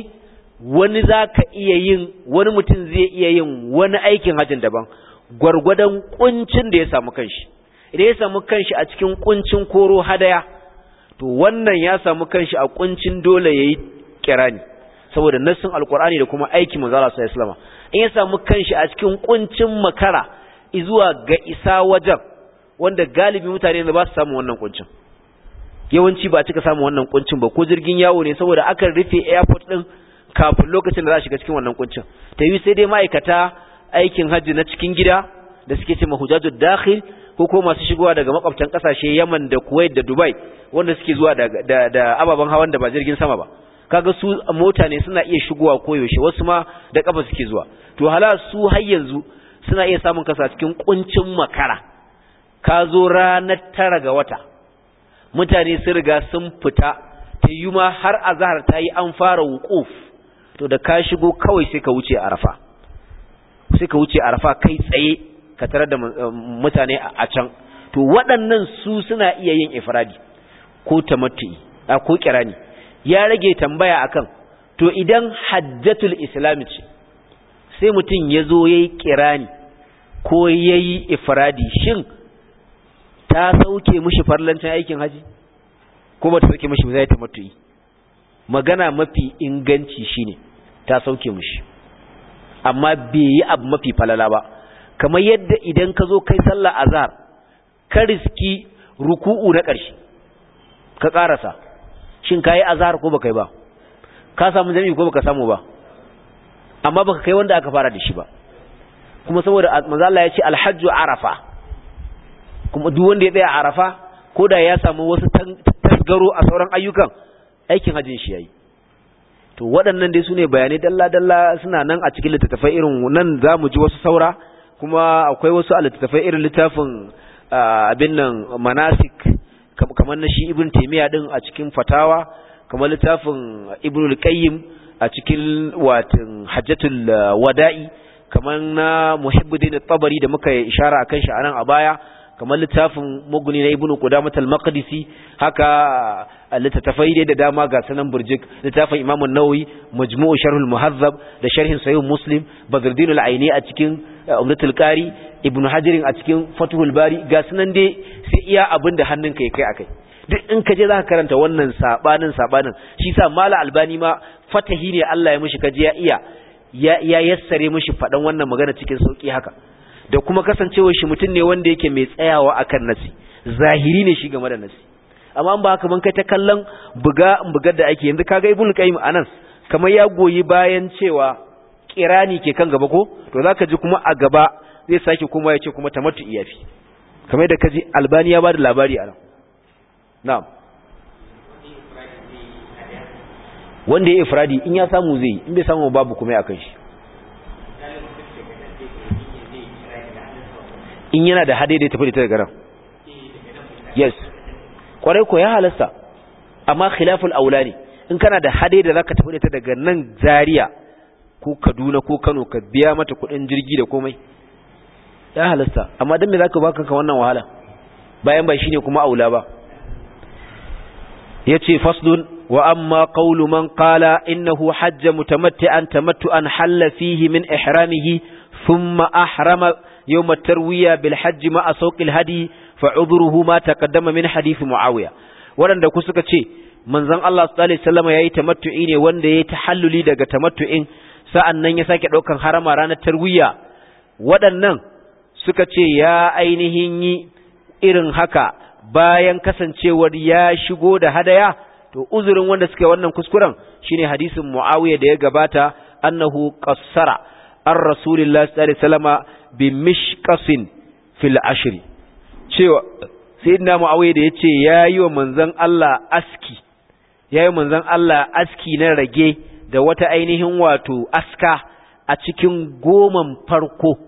wani zaka iya yin wani mutum zai iya yin wani aikin hajjin daban gwargwadon kuncin da ya samu kanshi idan ya samu kanshi a cikin kuncin koro hadaya to wannan ya samu kanshi a kuncin dole yayi kirani saboda nassin alkur'ani da kuma aikin manzo Allah sallallahu alaihi wasallam in ya samu kanshi a cikin kuncin makara zuwa ga isa wajen wanda galibi mutane ne ba su samu wannan kuncin yawanci ba cika samu wannan kuncin ba ko jirgin yawo ne saboda akan rufe airport din kafin lokacin da za a shiga cikin wannan kuncin ta yi sai dai ma'aikata aikin hajji na cikin gida da suke ce mahujajul dakhil ko ko masu shigowa daga makwabtan kasashe Yaman da Kuwait da Dubai wanda suke zuwa da da ababen hawan da ba jirgin sama ba kaga su mota ne suna iya shigowa koyaushe wasu ma da kafa suke zuwa to hala su har yanzu suna iya samun kasa cikin kuncin makara ka zo ranar tara ga wata mutane sun riga sun fita ta yi ma har azahar ta yi an fara wukuf to da ka shigo kawai sai ka wuce arafa sai ka wuce arafa kai tsaye ka tarar da eh, mutane a can to waɗannan su suna iya yin ifradi ko tamattu'i ko kirani ya rage tambaya akan to idan hajjatul islam ce sai mutum ya zo ya yi kirani ko ya yi ifradi shin ta sauke mushi farlancin aikin haji ko ba ta sauke mushi zai ta matu'i magana mafi inganci shine ta sauke mushi amma bai yi abu mafi falala ba kamar yadda idan ka zo kai sallah azhar ka riski ruku'u na ƙarshe ka ƙarasa shin kayi azhar ko baka yi ba ka samu jami'i ko baka samu ba amma baka kai wanda aka fara da shi ba kuma saboda manzo Allah ya ce alhajju arafa kuma duk wanda ya tsaya arafa ko da ya samu wasu tasgaro a sauran ayyukan aikin hajjin shi yayi to waɗannan dai sune bayanai dalla dalla suna nan a cikin littattafai irin nan zamu ji wasu saura kuma akwai wasu a littattafai irin littafin ah, abin nan manasik kamar na shi ibn taimiyya din a cikin fatawa kamar littafin ibn al-qayyim a cikin watin hajjatul uh, wada'i kamar na muhibbuddin tabari da muka ishara akan shi anan a baya kamar littafin muguni na ibn qudamah al-maqdisi haka uh, littattafai dai da dama ga sanan burjik littafin imam an-nawawi majmu'u sharh al-muhazzab da sharhin sahih muslim badruddin al-aini a cikin Eh, Abdul qari Ibn hajirin a cikin fathul bari ga sunan dai sai iya abinda hannunka ya kai akai duk in ka je zaka karanta wannan sabanin sabanin shi sa malam albani ma fatahi ne Allah ya mishi kaje ya iya ya yassare mishi fadan wannan magana cikin sauki haka da kuma kasancewar shi mutum ne wanda yake mai tsayawa akan nasi zahiri ne shi game da nasi amma an ba haka ban kai ta kallon buga bugar da ake yanzu kaga Ibn qayyim anan kamar ya goyi bayan cewa kirani ke kan gaba ko to zaka ji kuma a gaba zai sake kuma ya ce kuma tamattu iyafi kamar da kaji albani ya da labari a nan na'am wanda ya ifradi in ya samu zai in bai samu babu kuma ya kan shi in yana da hade da ya tafi da ta daga nan yes kwarai ko ya halasta amma khilaful aula ne in kana da hade da zaka tafi da ta daga nan zariya ko kaduna ko kano ka biya mata kuɗin jirgi da komai ya halasta amma dan me za ka baka ka wannan wahala bayan ba shine kuma aula ba ya ce faslun wa amma qawlu man qala innahu hajja mutamatti'an tamattu'an halla fihi min ihramihi thumma ahrama yawm at-tarwiya bil hajj ma asawq al-hadi fa udhruhu ma taqaddama min hadith muawiya wadanda ku suka ce manzon Allah sallallahu alaihi wasallam yayi tamattu'i ne wanda yayi tahalluli daga tamattu'in sa'an nan ya sake ɗaukan harama ranar tarwiyya waɗannan suka ce ya ainihin yi irin haka bayan kasancewar ya shigo da hadaya to uzurin wanda suke wannan kuskuren shine hadisin muawiya da ya gabata annahu qassara an rasulillahi sallallahu alaihi wasallama bi mishqasin fil ashri cewa sayyidina mu'awiyar da yace yayi wa manzon Allah aski yayi manzon Allah aski na rage da wata ainihin wato aska a cikin goman farko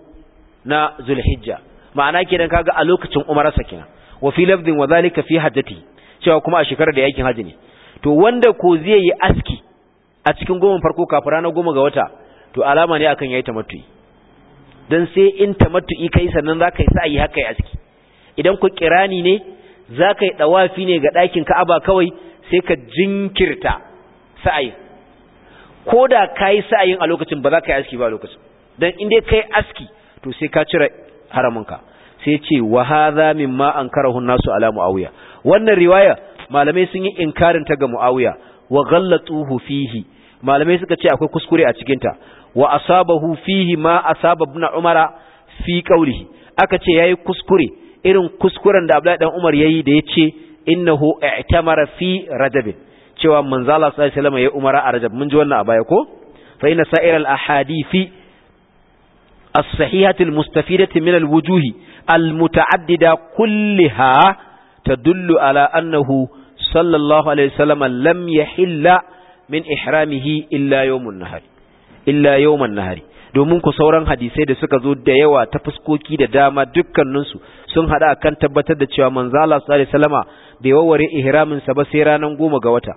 na zulhijja ma'ana kenan kaga a lokacin umararsa sakina wa fi lafdin wa zalika fi hajjati cewa kuma a shekarar da yakin haji ne to wanda ko zai yi aski a cikin goman farko kafin ranar goma ga wata to alama ne akan yayi tamattu'i dan sai in tamattu'i kai sannan zaka yi sa'i haka yi aski idan ku kirani ne zaka yi dawafi ne ga ɗakin Ka'aba kawai sai ka jinkirta sa'ayi ko da ka yi sa'ayin a lokacin ba za ka yi aski ba a lokacin don inda ka yi aski to sai ka cire haramunka sai ce wa za min ma an karahun nasu ala mu'awiya wannan riwaya malamai sun yi inkarin ta ga mu'awiya wa hu fihi malamai suka ce akwai kuskure a cikin ta wa asabahu fihi ma asaba ibn umara fi qawlihi aka ce yayi kuskure irin kuskuren da Abdullahi dan Umar ya yi da yace innahu i'tamara fi rajabin cewa manzo Allah sallallahu alaihi wasallam ya umara a Rajab mun ji wannan a baya ko fa inna sa'iral ahadithi as-sahihati al-mustafidati min al-wujuhi al-muta'addida kullaha tadullu ala annahu sallallahu alaihi wasallam lam yahilla min ihramihi illa yawmun nahari illa yawman nahari domin ku sauran hadisai da suka zo da yawa ta fuskoki da dama dukkaninsu sun haɗa kan tabbatar da cewa manzala sallallahu alaihi wasallama bai wawware ihraminsa ba sai ranar goma ga wata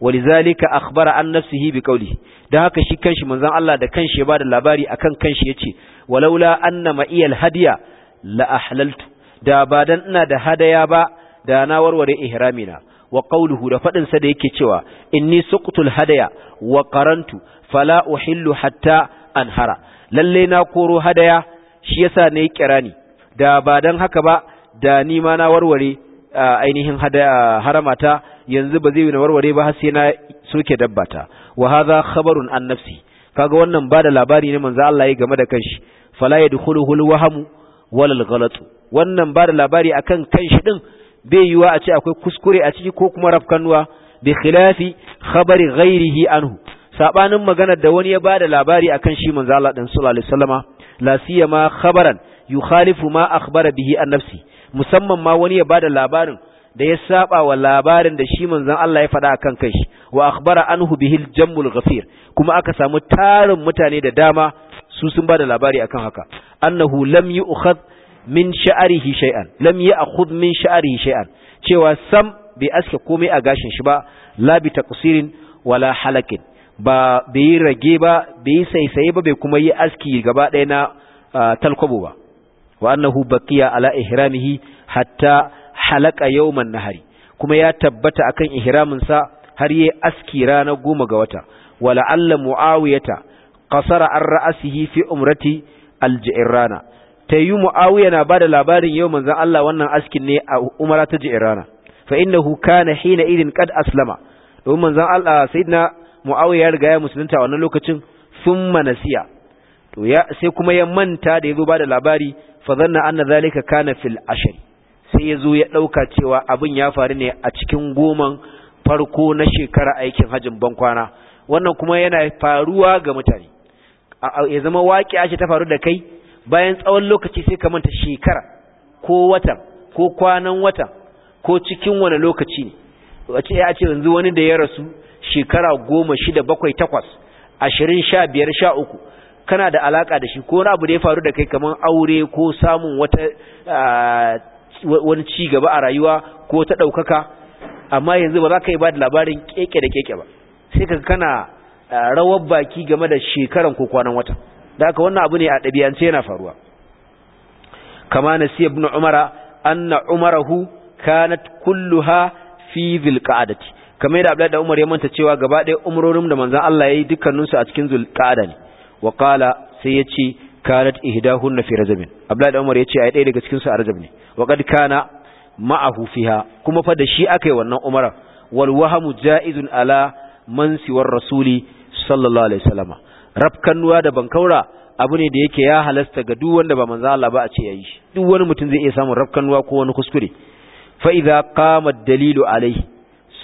walizalika akhbara an nafsihi bi qawli haka shi kanshi manzon Allah da kanshi ya bada labari akan kanshi yace walaula anna ma'iyal hadiya la ahlaltu da ba dan ina da hadaya ba da na warware ihramina wa qawluhu da fadin sa da yake cewa inni suqtul hadaya wa qarantu fala uhillu hatta anhara lalle na koro hadaya shi yasa ne kirani da ba dan haka ba da ni ma na warware ainihin hadaya haramata yanzu ba zai yi na warware ba har sai na soke dabbata wa hadha khabarun an nafsi kaga wannan ba da labari ne manzo Allah ya game da kanshi fala yadkhuluhu al-wahmu wal wannan ba da labari akan kanshi din bai yiwa a ce akwai kuskure a ciki ko kuma rafkanuwa bi khilafi khabari ghairihi anhu sabanin magana da wani ya ba da labari akan shi manzo Allah dan sallallahu alaihi wasallama la siyama khabaran yukhalifu ma akhbara bihi an nafsi musamman ma wani ya ba da labarin da ya saba wa labarin da shi manzon Allah ya faɗa akan kai wa akhbara anhu bihil jammul ghafir kuma aka samu tarin mutane da dama su sun bada labari akan haka annahu lam yu'khadh min sha'rihi shay'an lam ya'khudh min sha'rihi shay'an cewa sam bai aske komai a gashin shi ba la bi taqsirin wala halakin ba bai rage ba bai saisaye ba bai kuma yi aski gaba ɗaya na ah, talkwabo ba wa annahu baqiya ala ihramihi hatta halaka yawman nahari kuma ya tabbata akan ihramin sa har yayi aski ranar goma ga wata wala allah muawiyata qasara an ra'asihi fi umrati rana ta tayi muawiya na bada labarin yau manzan Allah wannan askin ne a umara ta rana fa innahu kana hina idin qad aslama domin manzan Allah Na muawiya ya riga ya musulunta a wannan lokacin sun nasiya to sai kuma ya manta da ba bada labari fa zanna anna zalika kana fil ashr sai ya zo ya ɗauka cewa abin ya faru ne a cikin goman farko na shekara aikin hajjin bankwana wannan kuma yana faruwa ga mutane ya zama waƙi ake ta faru da kai bayan tsawon lokaci sai ka manta shekara ko watan ko kwanan watan ko cikin wani lokaci ne wace ya ce yanzu wani da ya rasu shekara goma shida bakwai takwas ashirin sha biyar sha uku kana da alaka da shi ko wani abu da ya faru da kai kamar aure ko samun wata wani ci gaba a rayuwa ko ta ɗaukaka amma yanzu ba za ka yi ba da labarin keke da keke ba sai ka kana rawar baki game da shekaran ko kwanan wata da haka wannan abu ne a ɗabi'ance yana faruwa kama na siya bin umara na umarahu kanat ha fi zulqa'adati kamar da Abdullahi da Umar ya manta cewa gaba ɗaya umarorin da manzan Allah ya yi dukkaninsu a cikin zulqa'ada ne wa kala sai ya ce kanat ihdahunna fi rajabin abdullahi da umar yace ai ɗaya daga cikin su a rajab ne wa qad kana ma'ahu fiha kuma fa da shi akai wannan umara wal wahamu ja'izun ala man siwar rasuli sallallahu alaihi wasallama rafkanuwa da bankaura abu ne da yake ya halasta ga duk wanda ba manzo Allah ba a ce yayi duk wani mutum zai iya samun rafkanuwa ko wani kuskure fa idza qama ad-dalilu Alayhi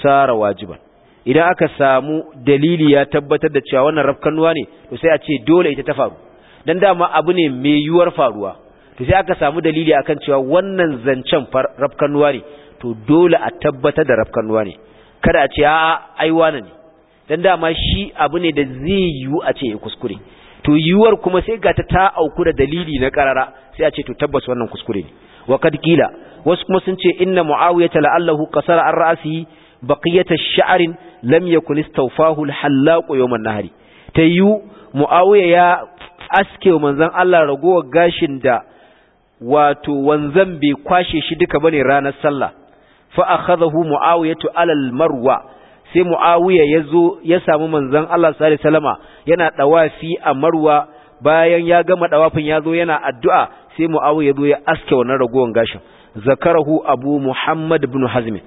sara wajiban idan aka samu dalili ya tabbatar da cewa wannan rafkanuwa ne to sai a ce dole ita ta faru dan dama abu ne mai yuwar faruwa to sai aka samu dalili akan cewa wannan zancen rafkanuwa ne to dole a tabbatar da rafkanuwa ne kada a ce a aiwa ne dan dama shi abu ne da zai yiwu a ce ya kuskure to yiwuwar kuma sai ga ta ta auku da dalili na karara sai a ce to tabbas wannan kuskure ne wa kad kila wasu kuma sun ce inna muawiyata la'allahu qasara an ra'si baqiyata sha'rin lam yakun istawfahu al-hallaq yawm an-nahri tayyu muawiya ya aske wa manzon Allah ragowar gashin da wato wanzan bai kwashe shi duka bane ranar sallah fa akhadahu muawiyatu alal marwa sai muawiya yazo ya samu manzan Allah sallallahu alaihi wasallama yana dawafi a marwa bayan ya gama dawafin yazo yana addu'a sai muawiya yazo ya aske wannan ragowar gashin zakarahu abu muhammad ibn hazm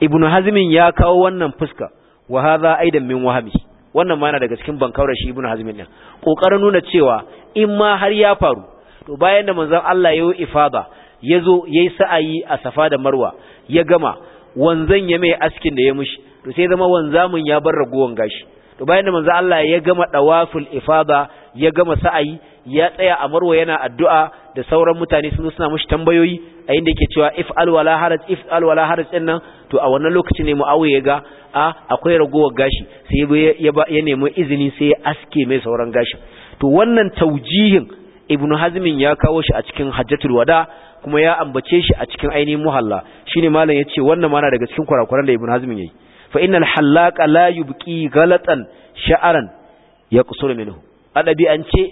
ibn hazm ya kawo wannan fuska wa hadha aidan min wahmi wannan ma yana daga cikin bankaurar shi ibnu hazmin din kokarin nuna cewa in ma har ya faru to bayan da manzon Allah ya yi ifada ya zo yayi sa'ayi a safa da marwa ya gama wanzan ya mai askin da ya mushi to sai zama wanzamin ya bar ragowan gashi to bayan da manzon Allah ya gama dawaful ifada ya gama sa'ayi ya tsaya a marwa yana addu'a da sauran mutane sun suna mushi tambayoyi a inda yake cewa if wala haraj if wala haraj din nan to a wannan lokacin ne muawiya ga a akwai ragowar gashi sai ya nemi izini sai ya aske mai sauran gashi to wannan taujihin ibnu hazmin ya kawo shi a cikin hajjatul wada kuma ya ambace shi a cikin ainihin muhalla shine malam yace wannan mana daga cikin kurakuran da ibnu hazmin yayi fa innal hallaqa la yubqi ghalatan sha'ran yaqsuru minhu adabi an ce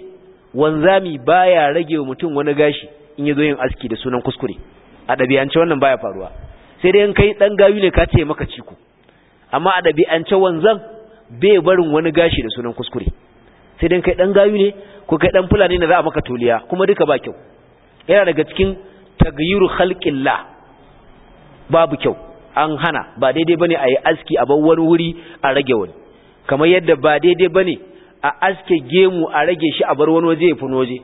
wanzami baya rage wa mutum wani gashi in yazo yin aski da sunan kuskure adabi an ce wannan baya faruwa sai dai kai dan gayu ne ka ce maka ciko amma a ɗabi'ance wanzan bai barin wani gashi da sunan kuskure sai dai kai dan gayu ne ko kai dan fulani ne za a maka toliya kuma duka ba kyau yana daga cikin tagyiru khalqillah babu kyau an hana ba daidai bane a yi aski a bar wani wuri a rage wani kamar yadda ba daidai bane a aske gemu a rage shi a bar wani waje ya fi waje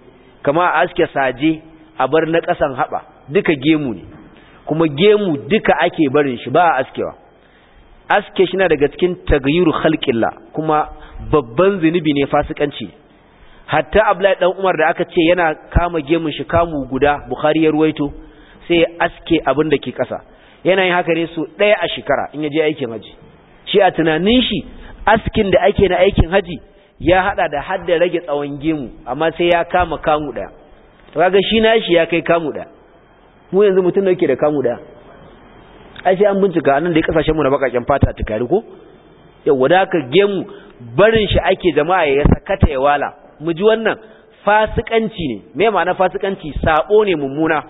a aske saje a bar na ƙasan haɓa duka gemu ne kuma gemu duka ake barin shi ba a askewa aske shi na daga cikin tagayyuru khalqillah kuma babban zunubi ne fasikanci hatta Abdullahi dan Umar da aka ce yana kama gemun shi kamu guda Bukhari ya ruwaito sai ya aske abin da ke ƙasa. yana yin haka ne su ɗaya a shekara in ya je aikin haji shi a tunanin shi askin da ake na aikin haji ya hada da hadda rage tsawon gemu amma sai ya kama kamu ɗaya to kaga shi na shi ya kai kamu ɗaya mu yanzu mutum da yake da kamu ɗaya, ai sai an bincika nan da kasashen mu na bakakken fata tukari ko yawa da aka gemu barin shi ake jama'a ya sakata ya wala mu ji wannan fasikanci ne me ma'ana fasikanci sabo ne mummuna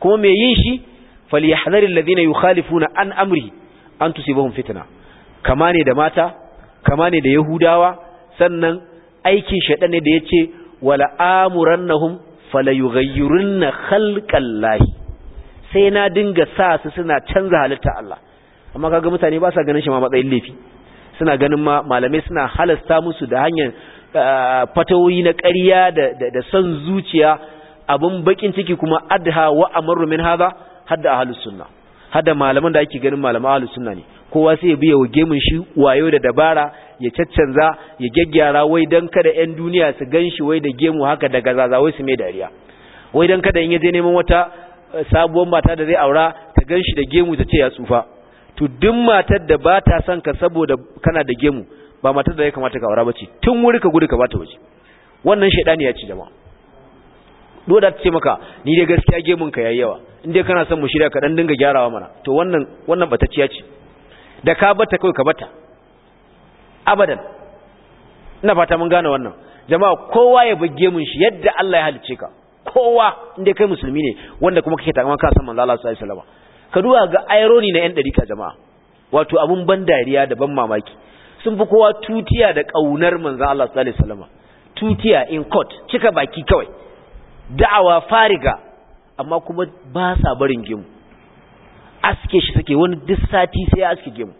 kuma me yin shi falyahdharil ladina yukhalifuna an amri an tusibahum fitna kama ne da mata kama ne da yahudawa sannan aikin shaidan ne da yace wala amurannahum falayughayyirunna khalqallahi sai na dinga sa su suna canza halitta Allah amma kaga mutane ba sa ganin shi ma matsayin laifi suna ganin ma malamai suna halasta musu da hanyar ah, fatawoyi na ƙarya da son zuciya abin bakin ciki kuma adha wa haza, min hadha hadda ahlus sunna hadda malaman da ake ganin malaman ahlus sunna ne kowa sai ya biya gemun shi wayo da dabara ya caccanza ya gyaggyara wai dan kada ƴan duniya su ganshi wai da gemu haka da gazaza wai su mai dariya wai dan kada in yaje neman wata sabuwar mata da zai aura ta gan shi da gemu ta ce ya tsufa to duk matar da ba ta son ka saboda kana da gemu ba matar da ya kamata ka aura ba ce tun wuri ka gudu ka ba ta waje wannan shaidani ya ci jama'a dole ta ce maka ni dai gaskiya gemun ka yayi yawa in dai kana son mu shirya ka dan dinga gyarawa mana to wannan wannan batacciya ce da ka bata kai ka bata abadan ina fata mun gane wannan jama'a kowa ya bi gemun shi yadda Allah ya halice ka kowa inda kai musulmi ne wanda kuma kake takama ka san manzala sallallahu alaihi wasallam ka duba ga irony na yan dariƙa jama'a wato abun ban dariya da ban mamaki sun fi kowa tutiya da kaunar manzala sallallahu alaihi wasallam tutiya in court cika baki kawai da'awa fariga amma kuma ba sa barin gemu aske shi suke wani duk sati sai ya aske gemu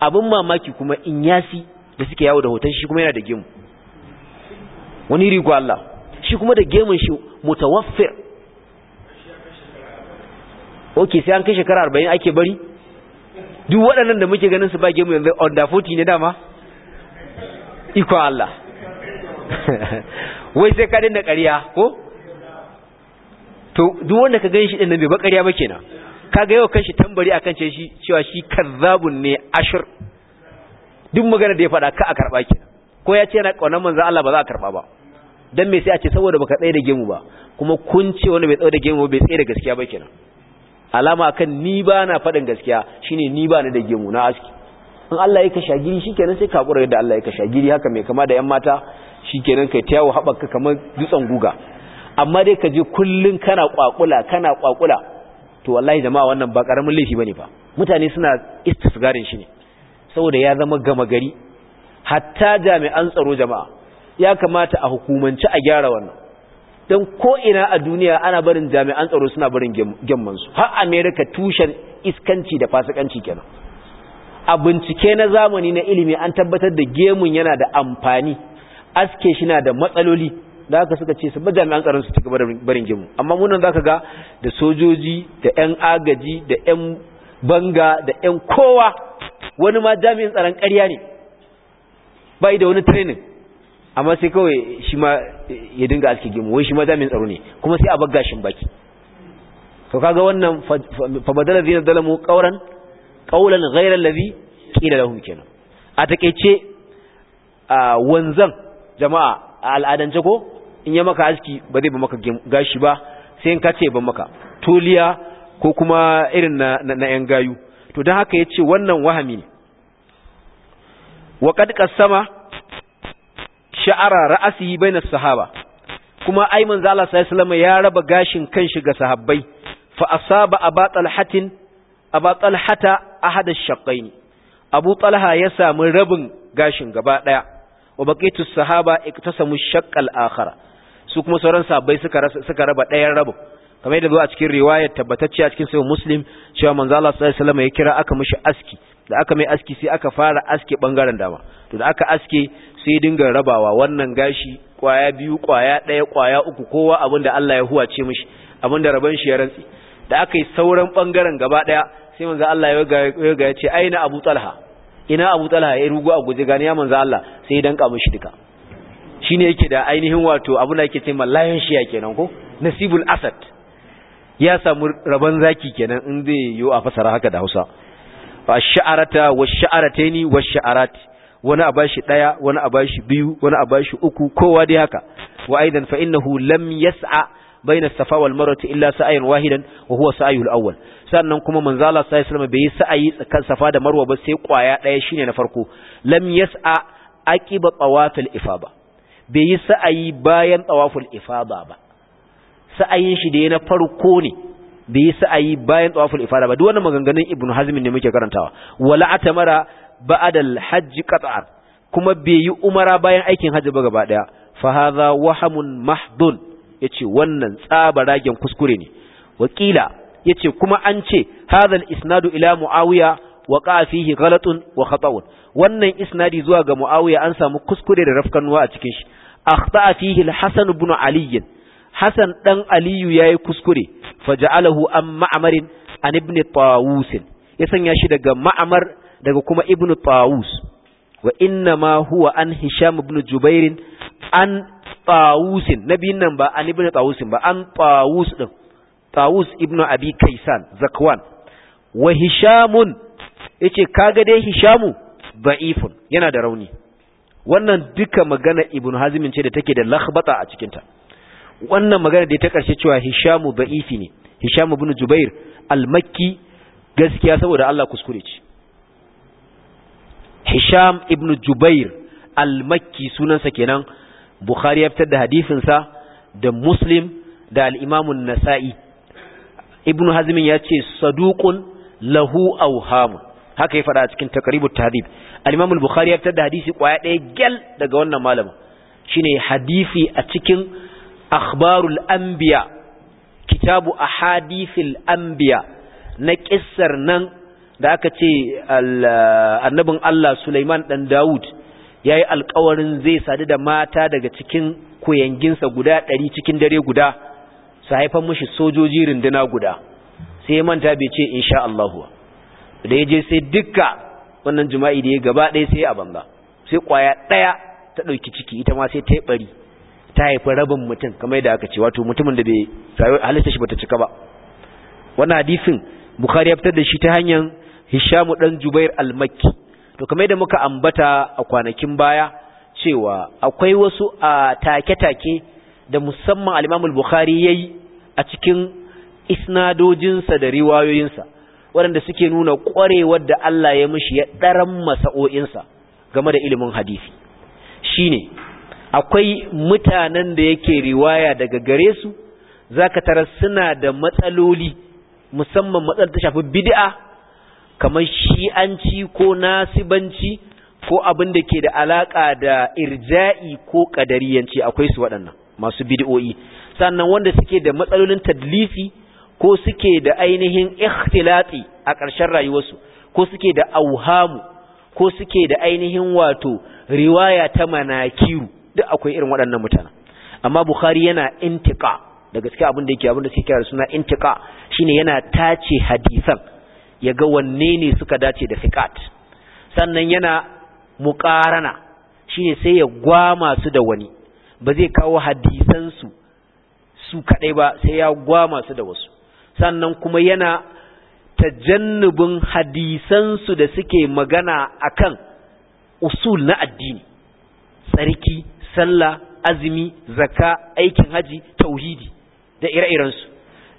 abin mamaki kuma in yasi da suke yawo da hoton shi kuma yana da gemu wani rigo Allah shi kuma da gemun shi mutawaffir ok sai an kai shekara arba'in ake bari duk waɗannan da muke ganin su ba gemu yanzu under 40 ne dama iko Allah wai sai ka da ƙariya ko to duk wanda ka gani shi ɗin nan bai ba ba kenan kaga yau kanshi tambari a ce shi cewa shi kazzabun ne ashir duk magana da ya faɗa ka a karɓa kenan ko ya ce yana ƙaunar manzan Allah ba za a karɓa ba dan me sai a ce saboda baka tsaye da gemu ba kuma kun ce wanda bai tsaye da gemu bai tsaye da gaskiya ba kenan alama akan ni ba na faɗin gaskiya shine ni ba na da gemu na aski in Allah ya ka giri shikenan sai ka kura yadda Allah ya ka giri haka mai kama da yan mata shikenan kai tayawo haɓaka kamar dutsen guga amma dai ka je kullun kana kwakula kana kwakula to wallahi jama'a wannan ba karamin laifi bane fa mutane suna istisgarin shi ne saboda ya zama gama gari hatta jami'an tsaro jama'a ya kamata a hukumanci a gyara wannan don ina a duniya ana barin jami'an tsaro suna barin gemmansu har amerika tushen iskanci da fasikanci kenan a bincike na zamani na ilimi an tabbatar da gemun yana da amfani aske shi na da matsaloli da aka suka ce su ba jami'an tsaron su cika barin gemu amma munan za ka ga da sojoji da yan agaji da yan banga da yan kowa wani ma jami'in tsaron karya ne bai da wani training amma sai kawai shi ma ya dinga aske gemu wai shi ma jami'in tsaro ne kuma sai a bagga shin baki to kaga wannan fa badala zina zalamu qawran qawlan ghayra allazi qila lahum kenan a takeice wanzan jama'a a al'adance ko in ya maka aski ba zai ba maka gashi ba sai in kace ba maka toliya ko kuma irin na na yan gayu to dan haka yace wannan wahami ne wa qad qasama sha'ara ra'asihi bainas sahaba kuma ai manzo Allah sallallahu alaihi wasallam ya raba gashin kanshi ga sahabbai fa asaba aba talhatin aba talhata ahad ash-shaqain abu talha ya samu rabin gashin gaba daya wa baqitu sahaba iktasamu shaqqal akhara su kuma sauran sahabbai suka suka raba dayan rabin kamar yadda zo a cikin riwayar tabbatacce a cikin sahih muslim cewa manzo Allah sallallahu alaihi wasallam ya kira aka mishi aski da aka mai aski sai aka fara aske bangaren dama to da aka aske sai dinga rabawa wannan gashi kwaya biyu kwaya ɗaya kwaya uku kowa abin da Allah ya huwace mishi abin da raban shi ya rantsi da aka yi sauran ɓangaren gaba ɗaya sai manzo Allah ya ga ya ce aina Abu Talha ina Abu Talha ya rugo a guje gani ya manzo Allah sai ya danka mishi duka shine yake da ainihin wato abin da yake ce mallayan shi ya kenan ko nasibul asad ya samu rabon zaki kenan in zai yi a fasara haka da Hausa wa sha'arata wa sha'arataini wa sha'arati wani a bashi daya wani a bashi biyu wani a bashi uku kowa dai haka wa aidan fa innahu lam yas'a baina safa wal marwa illa sa'ayin wahidan wa huwa sa'ayul awwal sannan kuma manzo Allah sallallahu alaihi wasallam bai yi sa'ayi tsakan safa da marwa ba sai kwaya ɗaya shine na farko lam yas'a aqiba tawafil ifaba, bai yi sa'ayi bayan tawaful ifaba ba sa'ayin shi da na farko ne bai yi sa'ayi bayan tawaful ifada ba duk wannan maganganun ibnu hazm ne muke karantawa wala atamara ba'adal hajji qat'an kuma bai yi umara bayan aikin hajji ba gaba daya fa hadha wahamun mahdun yace wannan tsaba ragen kuskure ne wakila yace kuma an ce hadha isnadu ila muawiya waqa fihi ghalatun wa khata'un wannan isnadi zuwa ga muawiya an samu kuskure da rafkanuwa a cikin shi akhta'a fihi al-hasan ibn ali hasan dan aliyu yayi kuskure faja'alahu an ma'amarin an ibn tawus ya sanya shi daga ma'amar daga kuma ibnu tawus wa inna ma huwa an hisham ibn jubair an tawus nabi nan ba an ibnu tawus ba an tawus din tawus ibnu abi kaisan zakwan wa hishamun yace kaga dai hishamu da'ifun yana da rauni wannan duka magana ibnu hazim ce da take da lakhbata a cikin ta wannan magana da ta karshe cewa hishamu da'ifi ne hisham ibn jubair al-makki gaskiya saboda Allah kuskure ce hisham ibn jubair al-makki sunansa kenan bukhari ya fitar da hadisinsa da muslim da al'imamun nasa'i ibn hazmin ya ce saduƙun lahu auhamun haka ya faɗa a cikin takaribu tahdib al-imamul bukhari ya fitar da hadisi ƙwaya ɗaya gyal daga wannan malamin shine hadisi a cikin akhbarul anbiya kitabu ahadithil anbiya na kissar nan da aka ce uh, annabin Allah Sulaiman dan Dawud ya yi alkawarin zai sadu da mata daga cikin koyanginsa guda ɗari cikin dare guda su haifan mashi sojoji runduna guda sai ya manta bai ce in insha Allahu da ya je sai dukka wannan jima'i da ya gaba ɗaya sai a banga sai kwaya ɗaya ta ɗauki ciki ita ma sai ta yi ɓari ta haifi rabin mutum kamar yadda aka ce wato mutumin da bai halitta shi bata cika ba wannan hadisin bukhari ya fitar da shi ta hanyar Hishamu ɗan Jubair al-Makki to kamar da muka ambata a kwanakin baya cewa akwai wasu a take-take da musamman al-Imam al-Bukhari yayi a cikin isnadojinsa da riwayoyinsa waɗanda suke nuna ƙwarewar da Allah ya mishi ya ɗaran masa'o'insa game da ilimin hadisi shine akwai mutanen da yake riwaya daga gare su zaka tarar suna da matsaloli musamman matsalar ta shafi bid'a kamar shi'anci ko nasibanci ko abin da ke da alaƙa da irja'i ko kadariyanci akwai su waɗannan masu bid'o'i sannan wanda suke da matsalolin tadlisi ko suke da ainihin ikhtilati a ƙarshen rayuwarsu ko suke da auhamu ko suke da ainihin wato riwaya ta manakiru duk akwai irin waɗannan mutanen amma bukhari yana intiqa daga cikin abin da yake abin da suke kira suna intiqa shine yana tace hadisan ya ga wanne ne suka dace da fiqat sannan yana muqarana shine sai ya gwama su da wani ba zai kawo hadisan su su kadai ba sai ya gwama su da wasu sannan kuma yana tajannubin hadisan su da suke magana akan usul na addini tsarki sallah azumi zakka aikin haji tauhidi da ire-irensu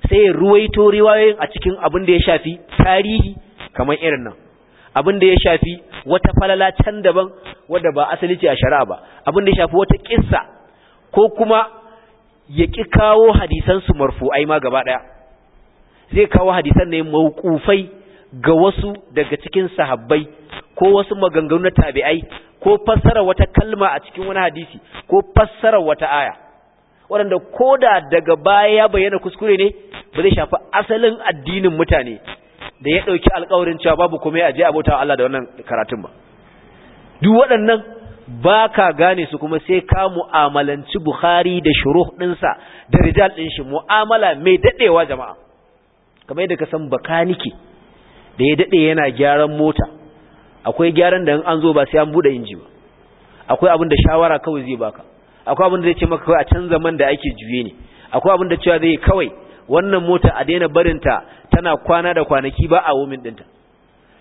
sai ruwaito riwayoyin a cikin abin da ya shafi tarihi kamar irin nan abin da ya shafi wata falala can daban wadda ba asali ce a shari'a ba abin da ya shafi wata kissa ko kuma ya ki kawo hadisan su marfu'ai ma gaba daya zai kawo hadisan ne mauqufai ga wasu daga cikin sahabbai ko wasu maganganu na tabi'ai ko fassara wata kalma a cikin wani hadisi ko fassara wata aya waɗanda ko da daga baya ya bayyana kuskure ne ba zai shafi asalin addinin mutane da ya ɗauki alkawarin cewa babu komai a je a Allah da wannan karatun ba duk waɗannan ba ka gane su kuma sai ka mu'amalanci Buhari da shuruh ɗinsa da rijal ɗin shi mu'amala mai daɗewa jama'a kamar yadda ka san bakanike da ya daɗe yana gyaran mota akwai gyaran da an zo ba sai an buɗe inji ba akwai abin da shawara kawai zai baka akwai abin da zai ce maka kawai a canza man da ake juye ne akwai abin da cewa zai kawai wannan mota a daina barin ta tana kwana da kwanaki ba a womin dinta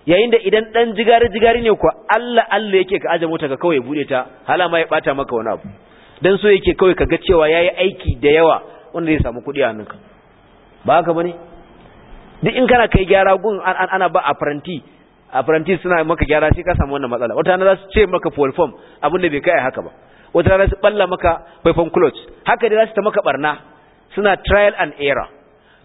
yayin da idan dan jigari jigari ne kuwa Allah Allah yake ka aje mota ka kawai bude ta hala ma ya bata maka wani abu dan so yake kawai ka ga cewa yayi aiki da yawa wanda zai samu kuɗi a hannunka ba haka bane duk in kana kai gyara gun ana ba a faranti a suna maka gyara sai ka samu wannan matsala wata na za su ce maka full form abin da bai kai haka ba wata rana su balla maka faifan kulot haka dai za su ta maka barna suna trial and error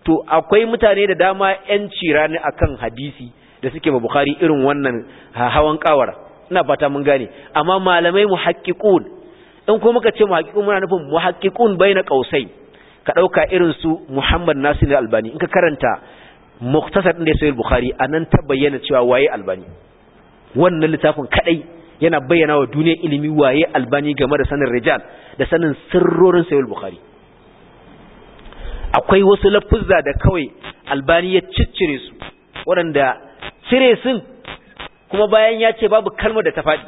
to akwai mutane da dama yan cira ne akan hadisi da suke ba bukhari irin wannan hawan kawar ina fata mun gane amma malamai muhaqqiqun in ko muka ce muhaqqiqun muna nufin muhaqqiqun baina qausai ka ɗauka irin su Muhammad Nasir Albani in ka karanta muktasar ɗin da Sahih Bukhari anan ta bayyana cewa waye Albani wannan littafin kadai yana bayyana wa duniya ilimi waye albani game da sanin rijal da sanin sirrorin sayul bukhari akwai wasu lafuzza da kawai albani ya ciccire su waɗanda cire sun kuma bayan ya ce babu kalmar da ta faɗi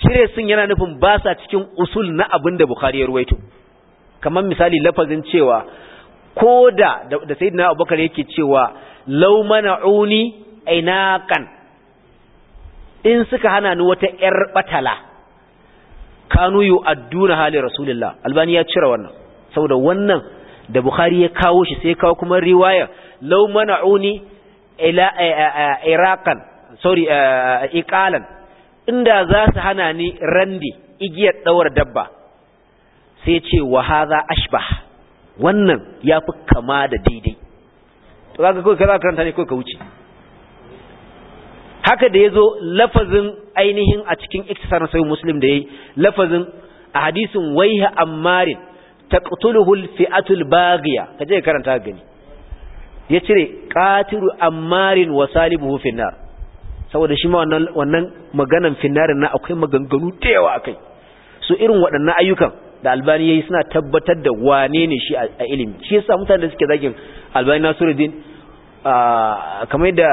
cire sun yana nufin ba sa cikin usul na abinda da bukhari ya ruwaito kamar misali lafazin cewa ko da da sayyidina abubakar yake cewa law mana'uni ainakan in suka hana ni wata yar batala kanu adduna hali rasulillah albani ya cire wannan saboda wannan da bukhari ya kawo shi sai kawo kuma riwaya law mana'uni ila eh, eh, eh, iraqan sorry iqalan inda za su hana ni randi igiyar ɗawar dabba sai ce wa hadha ashbah wannan yafi kama da daidai to kaga kai ka karanta ne kai ka wuce haka da ya zo lafazin ainihin a cikin iktisar sai muslim da yayi lafazin a hadisin waiha ammarin taqtuluhu alfi'atul baghiya kaje karanta gani ya cire qatiru ammarin wa salibuhu finnar saboda shi ma wannan wannan maganan finnarin na akwai maganganu da akai su irin waɗannan ayyukan da albani yayi suna tabbatar da wane ne shi a ilimi shi yasa mutane da suke zagin albani nasiruddin kamar da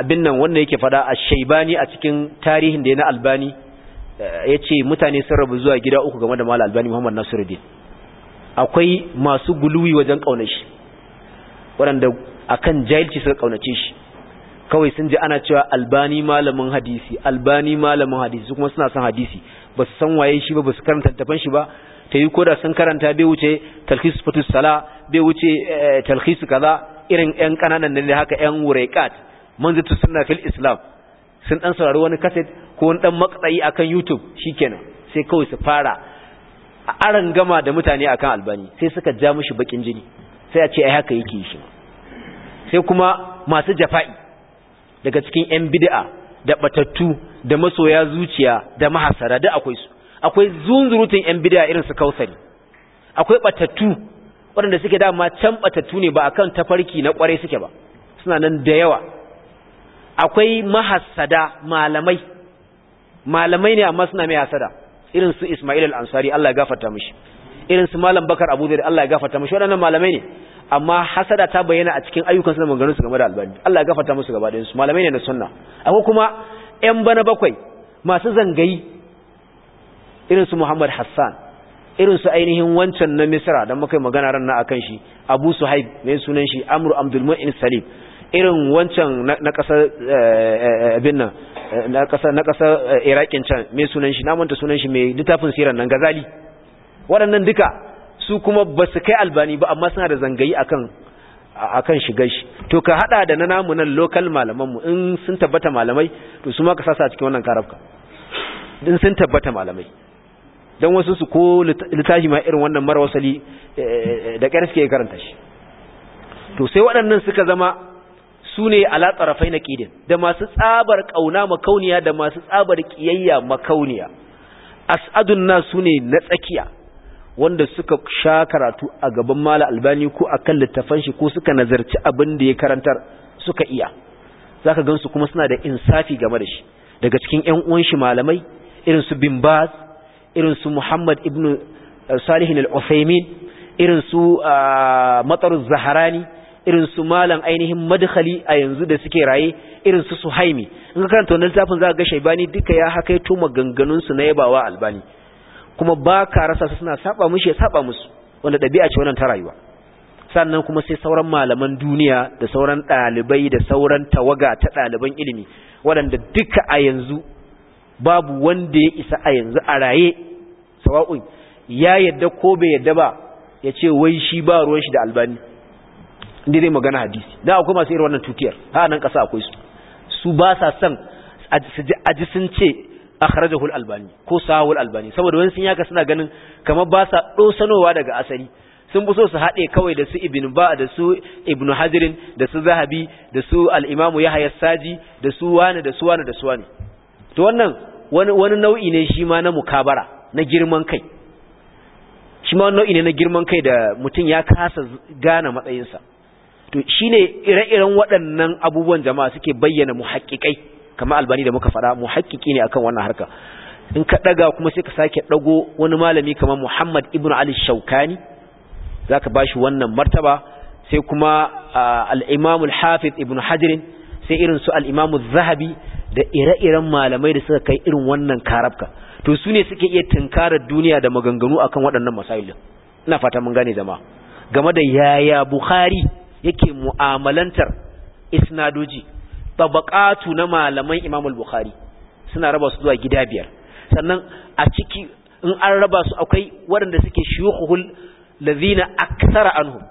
abin nan wannan yake fada a shaibani a cikin tarihin da ya na albani ya ce mutane sun rabu zuwa gida uku game da mala albani muhammad nasiruddin akwai masu guluwi wajen ƙaunar shi waɗanda kan jahilci suka kaunace shi kawai sun ji ana cewa albani malamin hadisi albani malamin hadisi kuma suna son hadisi ba su san waye shi ba ba su karanta tafan shi ba ta yi koda sun karanta bai wuce talhisu fatus sala bai wuce eh, talhisu kaza irin ƴan kananan ne haka ƴan wuraiqat manzatu suna fil islam sun dan saurari wani kaset ko wani dan matsayi akan youtube shikenan sai kawai su fara aran gama da mutane akan albani sai suka ja mushi bakin jini sai a ce ai haka yake shi sai kuma masu jafa'i daga cikin ƴan bid'a da batattu da masoya zuciya da mahasara da akwai su akwai zunzurutun ƴan bid'a irin su kausari akwai batattu waɗanda suke dama can ɓatattu ne ba akan tafarki na kwarai suke ba suna nan da yawa akwai mahassada malamai malamai ne amma suna mai hasada irin su Ismail al-Ansari Allah ya gafarta mishi irin su Malam Bakar Abu zai Allah ya gafarta mashi. waɗannan malamai ne amma hasada ta bayyana a cikin ayyukan su da maganganun su game da albani Allah ya gafarta musu gaba ɗayan su malamai ne na sunna akwai kuma 'yan bana bakwai masu zangayi irin su Muhammad Hassan irin su ainihin wancan na misra don muka yi magana ran na akan shi abu suhaib mai sunan shi amru abdulmu'in salim irin wancan na kasar eh, eh, abin nan eh, na kasar Irakin can mai sunan shi namanta sunan shi mai littafin siran nan gazali waɗannan duka su kuma ba su kai albani ba amma suna da zangayi akan akan shigar shi to ka hada da na namu nan local malaman mu in sun tabbata malamai to su ma ka sasa a cikin wannan karabka in sun tabbata malamai don wasu su ko littafi ma irin wannan mara wasali eh, eh, da ƙyar suke karanta shi to sai waɗannan suka zama su ne ala na ƙidin da masu tsabar ƙauna makauniya da masu tsabar ƙiyayya makauniya as'adun na su ne na tsakiya wanda suka sha karatu a gaban mala albani ko a kan littafan shi ko suka nazarci abin da ya karantar suka iya za ka su kuma suna da insafi game da shi daga cikin 'yan uwan shi malamai irin su bin baz irin su Muhammad ibn eh, Salih al-Uthaymin irin su ah, Matar Zaharani irin su malam ainihin madkhali a yanzu da suke raye irin su Suhaimi in ka karanta wannan littafin zaka ga Shaibani duka ya haka hakaito ganganun su na yabawa Albani kuma ba ka rasa su suna saba mushi ya saba musu wanda dabi'a ce wannan ta rayuwa sannan kuma sai sauran malaman duniya da sauran dalibai da sauran tawaga ta daliban ilimi waɗanda duka a yanzu babu wanda ya isa a yanzu a raye sawa'un ya yadda ko bai yadda ba ya ce wai shi ba ruwan shi da albani inda zai magana hadisi da akwai masu irin wannan tutiyar ha nan kasa akwai su su ba sa son a sun ce hul albani ko hul albani saboda wani sun yaka suna ganin kamar ba sa dosanowa daga asali sun fi su haɗe kawai da su ibn ba da su ibn hajirin da su zahabi da su al'imamu ya hayar saji da su wani da su wani da su wani to wannan wani nau'i ne shi ma na mukabara na girman kai shi ma nau'i ne na girman kai da mutum ya kasa gane matsayinsa to shine ire-iren waɗannan abubuwan jama'a suke bayyana muhaƙiƙai kamar albani da muka faɗa muhaƙiƙi ne akan wannan harka in ka ɗaga kuma sai ka sake ɗago wani malami kamar muhammad ibn ali shaukani za ka ba shi wannan martaba sai kuma ah, al'imamul hafiz ibn hajirin sai irin su al'imamu zahabi da ire-iren malamai da suka kai irin wannan karabka to su ne suke iya tunkarar duniya da maganganu akan waɗannan masailin ina fata mun gane jama'a game da yaya bukhari yake mu'amalantar isnadoji tabaqatu na malaman imam al-bukhari suna raba su zuwa gida biyar sannan a ciki in an raba su akwai waɗanda suke shuyukhul ladina aktsara anhum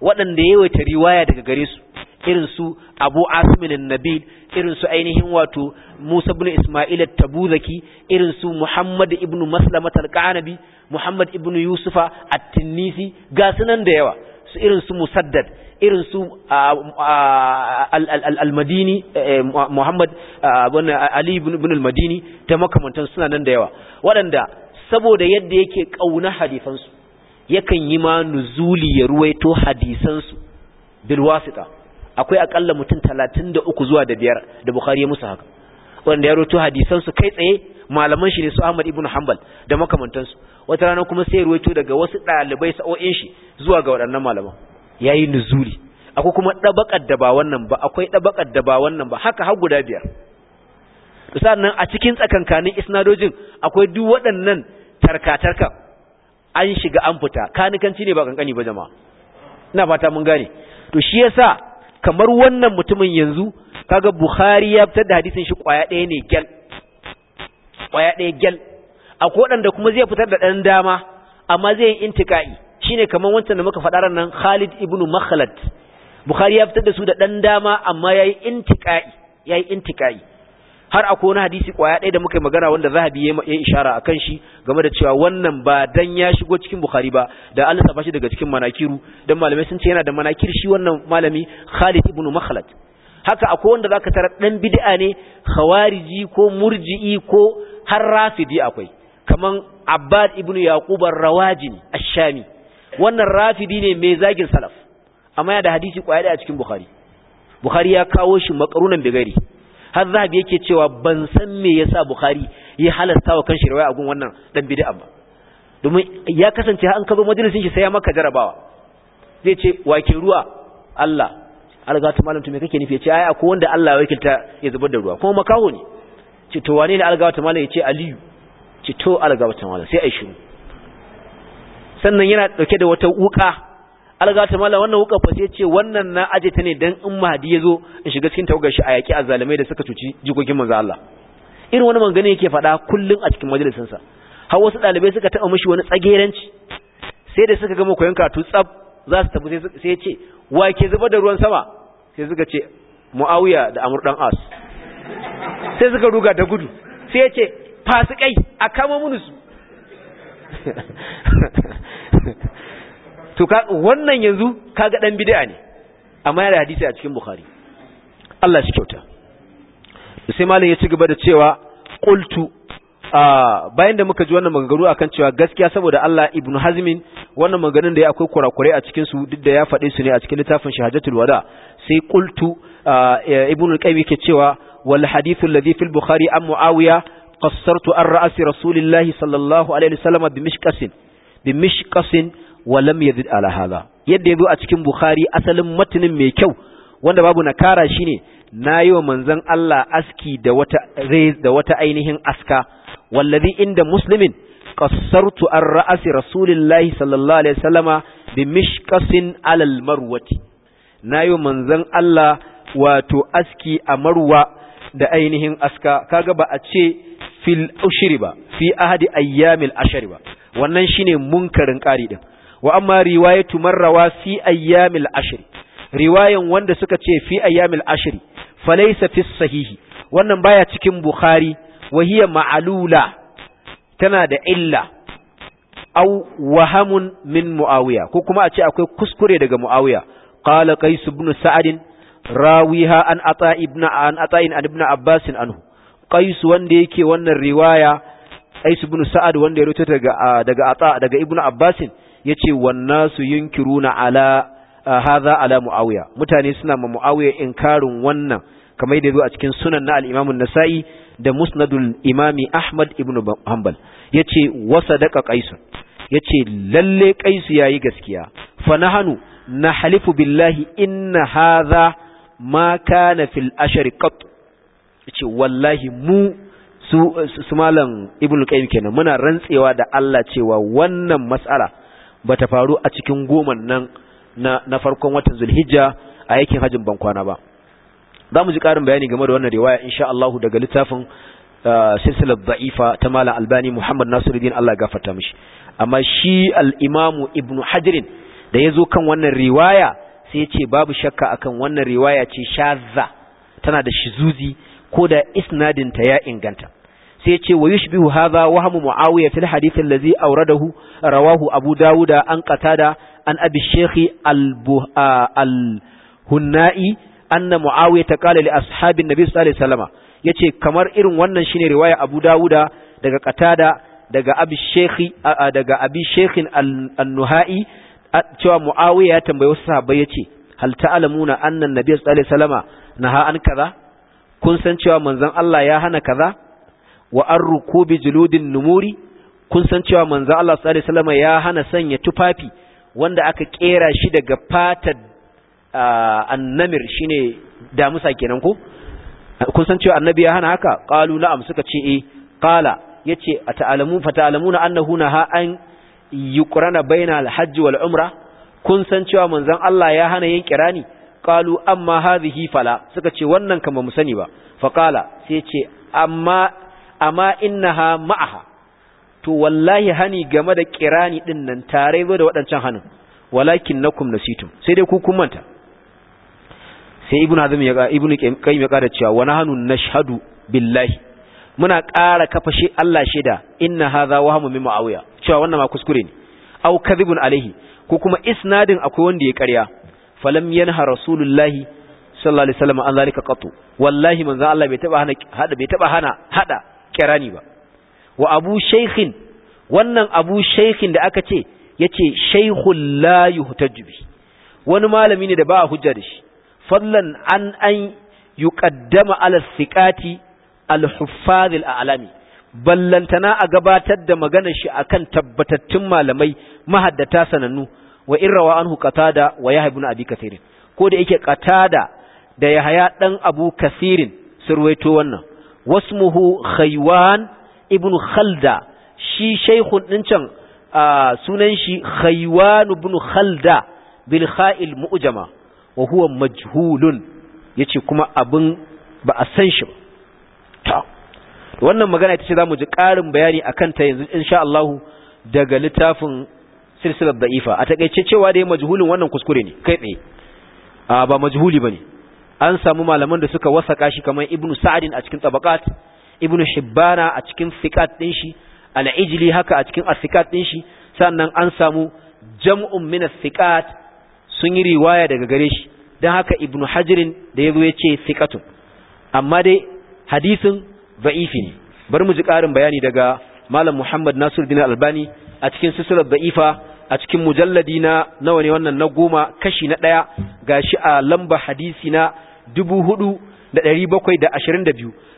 waɗanda yawaita riwaya daga gare su irin su Abu Asimin Nabil irin su ainihin wato Musa bin Isma'il at-Tabuzaki irin su Muhammad ibn Maslamat al-Qanabi Muhammad ibn Yusufa at tinisi ga sunan da yawa su irin su Musaddad irin su al-Madini Muhammad Ali ibn al-Madini ta makamantan suna nan da yawa waɗanda saboda yadda yake kauna hadifansu yakan yi ma nuzuli ya ruwaito hadisansu wasita akwai akalla mutum talatin da uku zuwa da biyar da bukhari ya musu haka wanda ya roto hadisan su kai tsaye malaman shi ne su ahmad ibn hanbal da makamantansu wata rana kuma sai ruwaito daga wasu ɗalibai sa'o'in shi zuwa ga waɗannan malaman yayi nuzuri akwai kuma ɗabakar da ba wannan ba akwai ɗabakar da ba wannan ba haka har guda biyar sannan a cikin tsakankanin isnadojin akwai duk waɗannan tarkatarka an shiga an fita kanikanci ne ba kankani ba jama'a ina fata mun gane to shi yasa kamar wannan mutumin yanzu kaga Bukhari ya fitar da hadisin shi kwaya ɗaya ne gyal kwaya ɗaya gyal akwai waɗanda kuma zai fitar da ɗan dama amma zai yi intika'i shine kamar wancan da muka faɗa nan Khalid ibn Makhlad Bukhari ya fitar da su da ɗan dama amma yayi intika'i yayi intika'i har akwai na hadisi kwaya ɗaya da muka yi magana wanda zahabi ya yi ishara a kan shi game da cewa wannan ba dan ya shigo cikin bukhari ba da an lissafa shi daga cikin manakiru dan malamai sun ce yana da manakir shi wannan malami khalid ibn makhlad haka akwai wanda zaka tara dan bid'a ne khawariji ko murji'i ko har rafidi akwai kaman abbad ibn yaqub ar-rawajin ash-shami wannan rafidi ne mai zagin salaf amma ya da hadisi kwaya ɗaya a cikin bukhari bukhari ya kawo shi makarunan bigari har zahabi yake cewa ban san me yasa bukhari ya halasta wa kanshi riwaya gun wannan dan bid'a ba domin ya kasance har an kazo majalisin shi sai ya maka jarabawa zai ce wake ruwa Allah algatu malam to me kake nufi ya ce ai akwai wanda Allah ya wakilta ya zubar da ruwa kuma makaho ne ce to wane ne algatu malam ya ce aliyu ce to algatu malam sai ai shiru sannan yana dauke da wata wuka algata mala wannan wuka fa sai ce wannan na aje ta ne dan in mahdi yazo in shiga cikin tawagar shi a yaki da suka cuci jikokin manzo Allah irin wani mangane yake fada kullun a cikin majalisin sa har wasu dalibai suka taba mishi wani tsageranci sai da suka gama koyon karatu tsab za su tafi sai ya ce wa ke zuba da ruwan sama sai suka ce muawiya da amur dan as sai suka ruga da gudu sai ya ce fasikai a kama munusu to wannan yanzu kaga dan bid'a ne amma yana hadisi a cikin bukhari Allah shi kyauta sai malam ya ci gaba da cewa qultu bayan da muka ji wannan maganganu akan cewa gaskiya saboda Allah ibn hazmin wannan maganganun da ya akwai kurakurai a cikin su duk da ya faɗe su ne a cikin littafin shahadatul wada sai qultu ibn al-qayyim yake cewa wal hadithu alladhi fil bukhari an muawiya qassartu an ra'si rasulillahi sallallahu alaihi wasallam bi mishqasin bi mishqasin walam yazid ala hadha yadda yazo a cikin bukhari asalin matanin mai kyau wanda babu nakara shine nayi wa manzon Allah aski da wata da wata ainihin aska wallazi inda muslimin qassartu ar ra'si rasulillahi sallallahu alaihi wasallama bi mishqasin alal marwati nayi wa manzon Allah wato aski a marwa da ainihin aska kaga ba a ce fil ushri ba fi ahadi ayyamil ashri ba wannan shine munkarin qari din wa amma riwayatu marrawa fi ayyamil ashr riwayan wanda suka ce fi ayyamil ashr falaysa fi sahihi wannan baya cikin bukhari wa hiya ma'lula tana da illa aw wahamun min muawiya ko kuma a ce akwai kuskure daga muawiya qala qais ibn sa'd rawiha an ata ibn an ata in ibn abbas anhu qais wanda yake wannan riwaya qais ibn sa'd wanda ya rawaito daga daga ata daga ibn abbas yace wannasu yunkiruna ala haza ala muawiya mutane suna ma muawiya inkarin wannan kamar yadda zo a cikin sunan na al nasai da musnadul imami ahmad ibn hanbal yace wa sadaqa qais yace lalle ya yayi gaskiya fa nahanu nahlifu billahi inna hadha ma kana fil ashari yace wallahi mu su malam ibn qayyim kenan muna rantsewa da Allah cewa wannan mas'ala bata faru a cikin goma nan na, farkon watan zulhijja a yakin hajjin bankwana ba za mu ji ƙarin bayani game da wannan riwaya insha Allah daga littafin uh, silsilar da'ifa ta malam albani muhammad nasiruddin Allah gafarta mishi amma shi al-imamu ibnu hajirin da ya zo kan wannan riwaya sai yace ce babu shakka akan wannan riwaya ce shazza tana da shizuzi ko da isnadinta ya inganta sai yace wa yushbihu hadha wahmu muawiya fil hadith allazi awradahu rawahu abu dauda an qatada an abi shaykh al hunnai anna muawiya ta qala li ashabin nabi sallallahu alaihi wasallam yace kamar irin wannan shine riwaya abu dauda daga qatada daga abi shaykh daga abi shaykh an-nuhai cewa muawiya ya tambaye wasu sahabbai yace hal ta'lamuna anna an-nabiy sallallahu alaihi wasallam naha an kaza kun san cewa manzon Allah ya hana kaza wa an rukubi juludin numuri kun san cewa manzo Allah sallallahu alaihi wasallam ya hana sanya tufafi wanda aka kera shi daga fatar annamir shine damusa kenan ko kun san cewa annabi ya hana haka qalu na'am suka ce eh qala yace ata'alamu fata'alamuna annahu naha an yuqrana baina al-hajj wal umra kun san cewa manzon Allah ya hana yin kirani qalu amma hadhihi fala suka ce wannan kan ba mu sani ba fa qala sai ce amma amma innaha ma'aha to wallahi hani game da kirani din nan tare da waɗancan hanin walakin nakum nasitum sai dai ku kun manta sai ibnu hazm ya ga ibnu qayyim ya kada cewa wa nahnu nashhadu billahi muna ƙara kafa shi Allah shaida inna hadha wahmu min muawiya cewa wannan ma kuskure ne aw kadhibun alaihi ko kuma isnadin akwai wanda ya ƙarya falam yanha rasulullahi sallallahu alaihi wasallam an zalika qatu wallahi manzo Allah bai taba hana hada bai taba hana hada ni ba wa abu shaikhin wannan abu shaykhin da aka ce yace shaykhul la yuhtaju wani malami ne da ba a hujja da shi fallan an an yuqaddama ala thiqati al huffaz al a'lami ballantana a gabatar da maganar shi akan tabbatattun malamai mahaddata sanannu wa irrawa anhu qatada wa yahya ibn abi kathir ko da yake qatada da yahya dan abu kathirin surwaito wannan wasmuhu Haiwan, ibn khalda shi shaykhun ɗin can a sunan shi khaywan ibn khalda bil kha'il mu'jama wa huwa majhulun yace kuma abin ba a san shi ba wannan magana ita ce zamu ji ƙarin bayani akan ta yanzu insha Allah daga littafin silsilar da'ifa a takeice cewa da ya majhulun wannan kuskure ne kai tsaye ba majhuli ne. an samu malaman da suka wasaka shi kamar ibnu sa'adin a cikin tabaqat ibnu hibbana a cikin fiqat din shi al-ijli haka a cikin as-fiqat din shi sannan an samu jam'un min as sun yi riwaya daga gare shi dan haka ibnu hajirin da ya yace fiqatun amma dai hadisin da'ifi ne bari mu ji karin bayani daga malam muhammad nasiruddin albani a cikin sulsulat da'ifa a cikin mujalladi na nawa ne wannan na goma kashi na ɗaya gashi a lamba hadisi na biyu.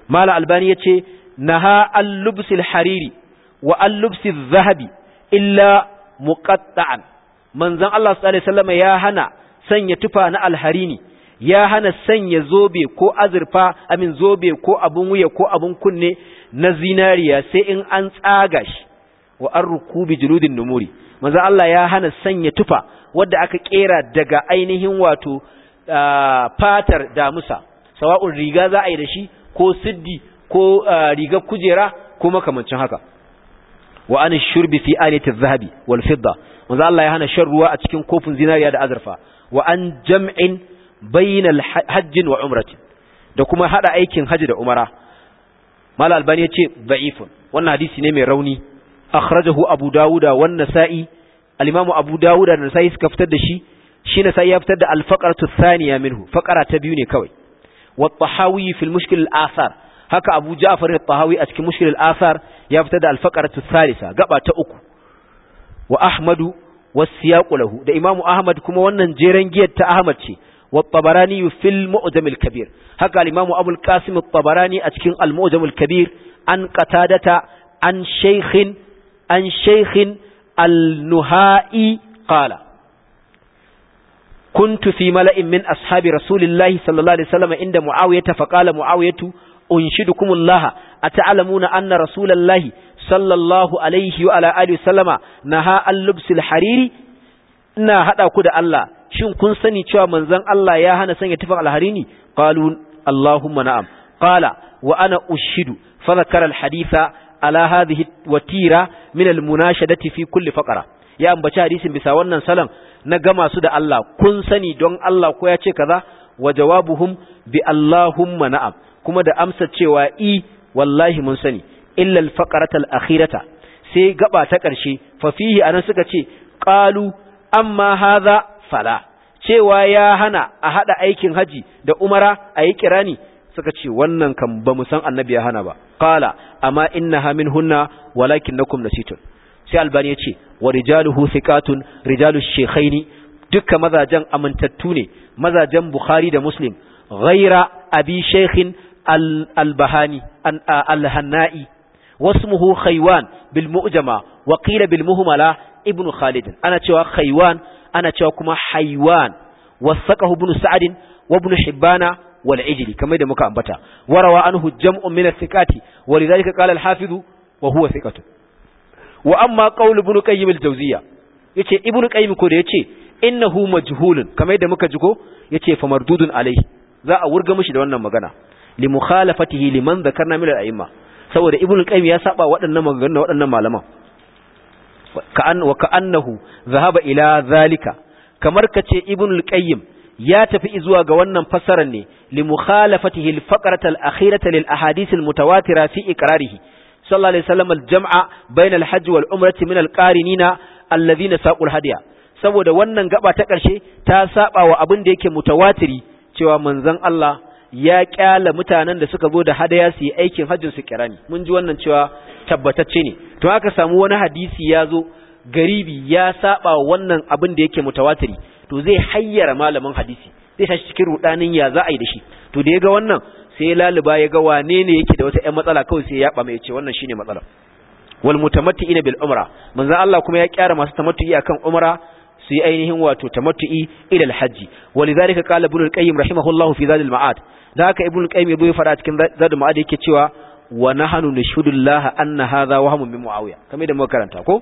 mala albani ya yace naha al-lubsil hariri wa al-lubsil zahabi illa muqatta'an manzon Allah sallallahu ya hana sanya tufa na alharini ya hana sanya zobe ko azurfa amin zobe ko abun wuya ko abin kunne na zinariya sai in an tsaga shi wa an rukubi juludin numuri manzan Allah ya hana sanya tufa wadda aka ƙera daga ainihin wato fatar damusa sawa'un riga za a yi da shi ko siddi ko riga kujera ko makamancin haka wa an shurbi fi alati zahabi wal fidda manzo Allah ya hana shan ruwa a cikin kofin zinariya da azurfa wa an jam'in bainal hajjin wa umrati da kuma hada aikin haji da umara mal albani yace da'ifun wannan hadisi ne mai rauni akhrajahu abu dawuda wan nasa'i al abu dawuda da nasa'i suka fitar da shi shine sai ya fitar da al-faqratu thaniya minhu faqara ta biyu ne kawai wa tahawi fi al-mushkil al-athar haka abu ja'far al-tahawi a cikin mushkil al-athar ya fitar da al-faqratu thalitha gaba ta uku wa ahmadu was-siyaqu lahu da imamu ahmad kuma wannan jeren giyar ta ahmad ce wa tabarani fi al-mu'jam al-kabir haka al-imamu abul qasim at-tabarani a cikin al-mu'jam al-kabir an qatadata an shaykhin an shaykhin al-nuhai qala kuntu fi mala'in min ashabi rasulillahi sallallahu alaihi wasallam inda muawiyata faqala muawiyatu unshidukumullah ata'lamuna anna rasulallahi sallallahu alaihi wa ala alihi wasallama naha al-lubsil hariri ina hada ku da Allah shin kun sani cewa manzon Allah ya hana sanya tufan alharini qalu allahumma na'am qala wa ana ushidu fa dhakara alhaditha ala hadhihi watira min almunashadati fi kulli faƙara. ya ambaci hadisin bisa wannan salon na gama su da Allah kun sani don Allah ko ya ce kaza wa jawabuhum bi Allahumma na'am kuma da amsa cewa i wallahi mun sani illa al-faqrata al-akhirata sai gaba ta ƙarshe fa fihi anan suka ce qalu amma hadha fala cewa ya hana a hada aikin haji da umara ayi kirani suka ce wannan kan bamu san annabi ya hana ba qala amma innaha minhunna walakinnakum nasitun sai albani ya ce wa rijaluhu thiqatun rijalu shaykhaini dukkan mazajen amintattu ne mazajen bukhari da muslim ghaira abi shaykhin al-bahani al-hannai wasmuhu khaywan bil mu'jama wa qila ibn khalid ana cewa haiwan ana cewa kuma haiwan wasaqahu ibn sa'd wa ibn hibbana wal ijli kamar da muka ambata warawa anhu jam'un min al-thiqati wa qala al-hafiz wa huwa thiqatun wa amma qaul ibn qayyim al-jawziya yace ibn qayyim ko da yace innahu majhulun kamar yadda muka ji ko yace fa mardudun alayhi za a wurga mishi da wannan magana li mukhalafatihi liman dhakarna min al-a'imma saboda ibn qayyim ya saba waɗannan maganganun waɗannan malaman ka'an wa ka'annahu zahaba ila zalika kamar kace ibn qayyim ya tafi zuwa ga wannan fasaran ne li mukhalafatihi al-faqrata al-akhirata lil ahadith al-mutawatira fi iqrarihi sallallahu alaihi wasallam aljam'a bainal hajj wal umrati min alqarinina alladhina saqul hadiya saboda wannan gaba ta ƙarshe ta saba wa abin da yake mutawatiri cewa manzon Allah ya kyala mutanen da suka zo da hadaya su yi aikin hajjin su kirani mun ji wannan cewa tabbatacce ne to aka samu wani hadisi ya zo garibi ya saba wa wannan abin da yake mutawatiri to zai hayyara malamin hadisi zai tashi cikin rudanin ya za a yi da shi to da ya ga wannan sai laliba ya ga wane ne yake da wata 'yan matsala kawai sai ya yaba mai ce wannan shine matsala wal ina bil umra manzo Allah kuma ya ƙyara masu tamattu'i akan umra su yi ainihin wato tamattu'i ila al-hajj walidhalika qala ibn al-qayyim rahimahullahu fi zadil ma'ad da haka ibn al-qayyim bai fara cikin zadil ma'ad yake cewa wa na nahnu nashhudu Allah anna hadha wahmun min muawiya kamar da muka karanta ko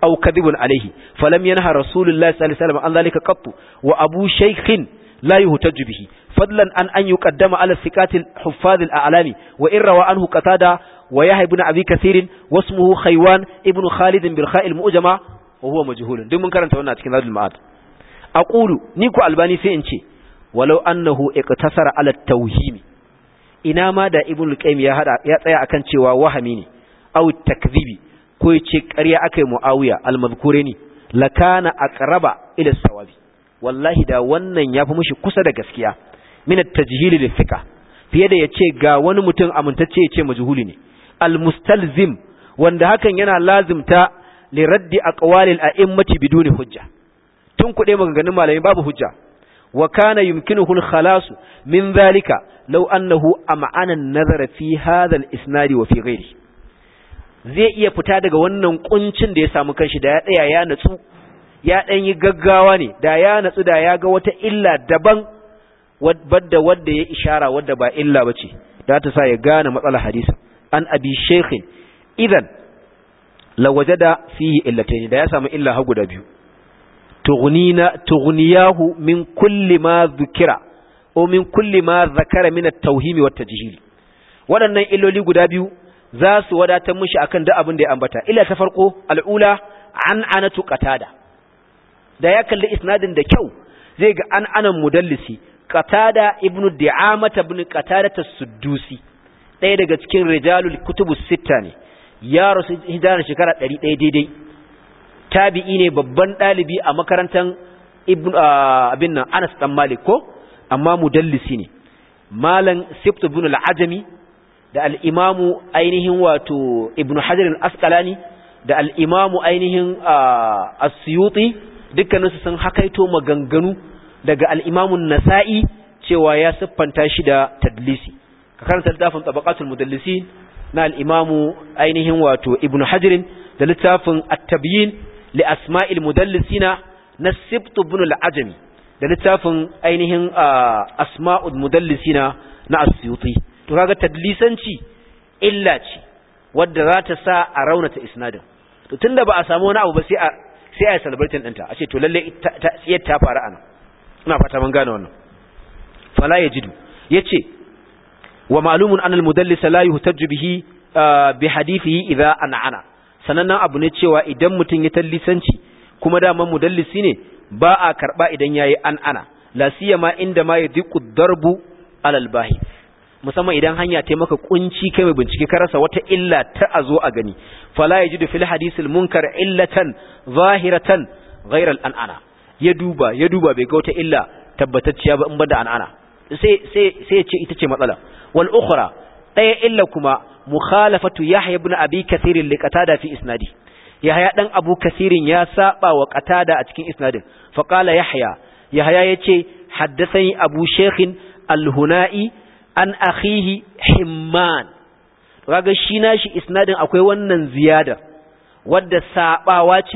aw kadibun alayhi falam yanha rasulullahi sallallahu alaihi wasallam an dhalika qattu wa abu shaykhin la yuhtaju bihi fadlan an an kaddama ala thiqatil huffaz al'alami wa in rawa anhu qatada wa yahya ibn abi kathir wa ismuhu khaywan ibn khalid bil kha'il mu'jama wa huwa majhul duk mun karanta wannan cikin zadul ma'ad aqulu ni ku albani sai in ce walau annahu iqtasara ala tawhim ina ma da ibn al ya hada ya tsaya akan cewa wahami ne aw takdhibi ko yace ƙarya akai muawiya al-madhkure ne lakana aqraba ila wallahi da wannan yafi mushi kusa da gaskiya min at-tajhil lil fiye da yace ga wani mutum amintacce yace majhuli ne al-mustalzim wanda hakan yana lazimta li raddi aqwalil a'immati biduni hujja tun kuɗe maganganun malami babu hujja wa kana yumkinuhu al-khalasu min dhalika law annahu am'ana an-nazara fi hadha al-isnad wa fi ghairi zai iya fita daga wannan kuncin da ya samu kanshi da ya tsaya ya natsu ya dan yi gaggawa ne da ya natsu da ya ga wata illa daban wadda wadda ya ishara wadda ba illa ce. da ta sa ya gane matsalar hadisi an abi sheikh idan da wajada fihi illatayn da ya samu illa ha guda biyu tughnina tughniyahu min kulli ma dhukira o min kulli ma zakara min at-tauhimi wata tajhili waɗannan illoli guda biyu za su wadatar mishi akan duk abin da ya ambata illa ta farko al'ula an anatu qatada da ya kalli isnadin da kyau zai ga an anan mudallisi qatada ibn di'amata ibn qatada as-suddusi ɗaya daga cikin rijalul kutubu sitta ne ya rasu hijirar shekara 100 daidai tabi'i ne babban ɗalibi a makarantar ibn abin nan Anas dan Malik ko amma mudallisi ne malam Sibt ibn al-Ajami da al-Imamu ainihin wato Ibn Hajar al-Asqalani da al-Imamu ainihin As-Suyuti dukkaninsu sun hakaito maganganu daga al'imamun nasa'i cewa ya siffanta shi da tadlisi ka karanta littafin tabaqatul mudallisi na al'imamu ainihin wato ibnu hajirin da littafin attabiyin li asma'il mudallisina na sibt ibn al-ajami da littafin ainihin asma'ul mudallisina na asyuti to kaga tadlisanci illa ce wadda za ta sa a raunata isnadin to tunda ba a samu wani abu ba sai a sai a celebrating ɗinta a ce to lallai ta ta faru anan ina fata mun gane wannan fala yajidu yace wa ma'lumun anal mudallis la yuhtaju bihi ah, bi hadithihi idza an'ana sanannan abu ne cewa idan mutun ya tallisanci kuma da man mudallisi ne ba a karba idan yayi an'ana la siyama inda ma yadiqu darbu alal bahi musamman idan hanya ta maka kunci kai mai bincike ka rasa wata illa ta a zo a gani fala yajidu fil hadisil munkar illatan zahiratan ghairal an'ana ya duba ya duba bai ga wata illa tabbatacciya ba in bada an'ana sai sai sai ce ita ce matsala wal ukhra daya illa kuma mukhalafatu yahya ibn abi kathir li qatada fi isnadi yahya dan abu kathirin ya saba wa qatada a cikin isnadin fa qala yahya yahya yace haddathani abu shaykhin al-hunai an akhihi himman kaga shi nashi isnadin akwai wannan ziyada wadda sabawa ce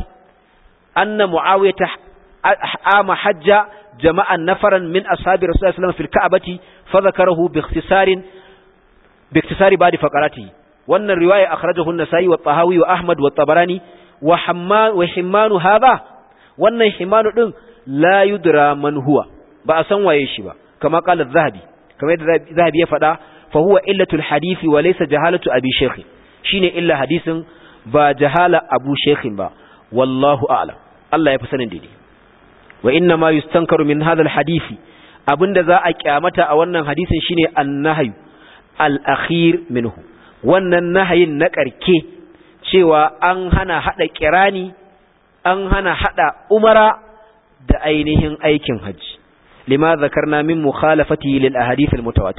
anna muawiyah ama hajja jama'an nafaran min ashabi rasulullahi sallallahu alaihi wasallam fil ka'bati fa zakarahu ba'di faqaratihi wannan riwaya akhrajahu an-nasa'i wa tahawi wa ahmad wa tabarani wa hamman himmanu hadha wannan himmanu ɗin la yudra man ba a san waye shi ba kama qala az-zahabi kamar zahabi ya faɗa fa huwa illatul hadisi wa laysa jahalatu abi shaykh shine illa hadisin ba jahala abu shaykh ba wallahu a'lam Allah ya fi sanin daidai wa inna ma yustankaru min hadha alhadisi abinda za a kyamata a wannan hadisin shine annahyu al minhu wannan nahayin na karke cewa an hana hada kirani an hana hada umara da ainihin aikin haji lima zakarna min mukhalafati lil ahadith al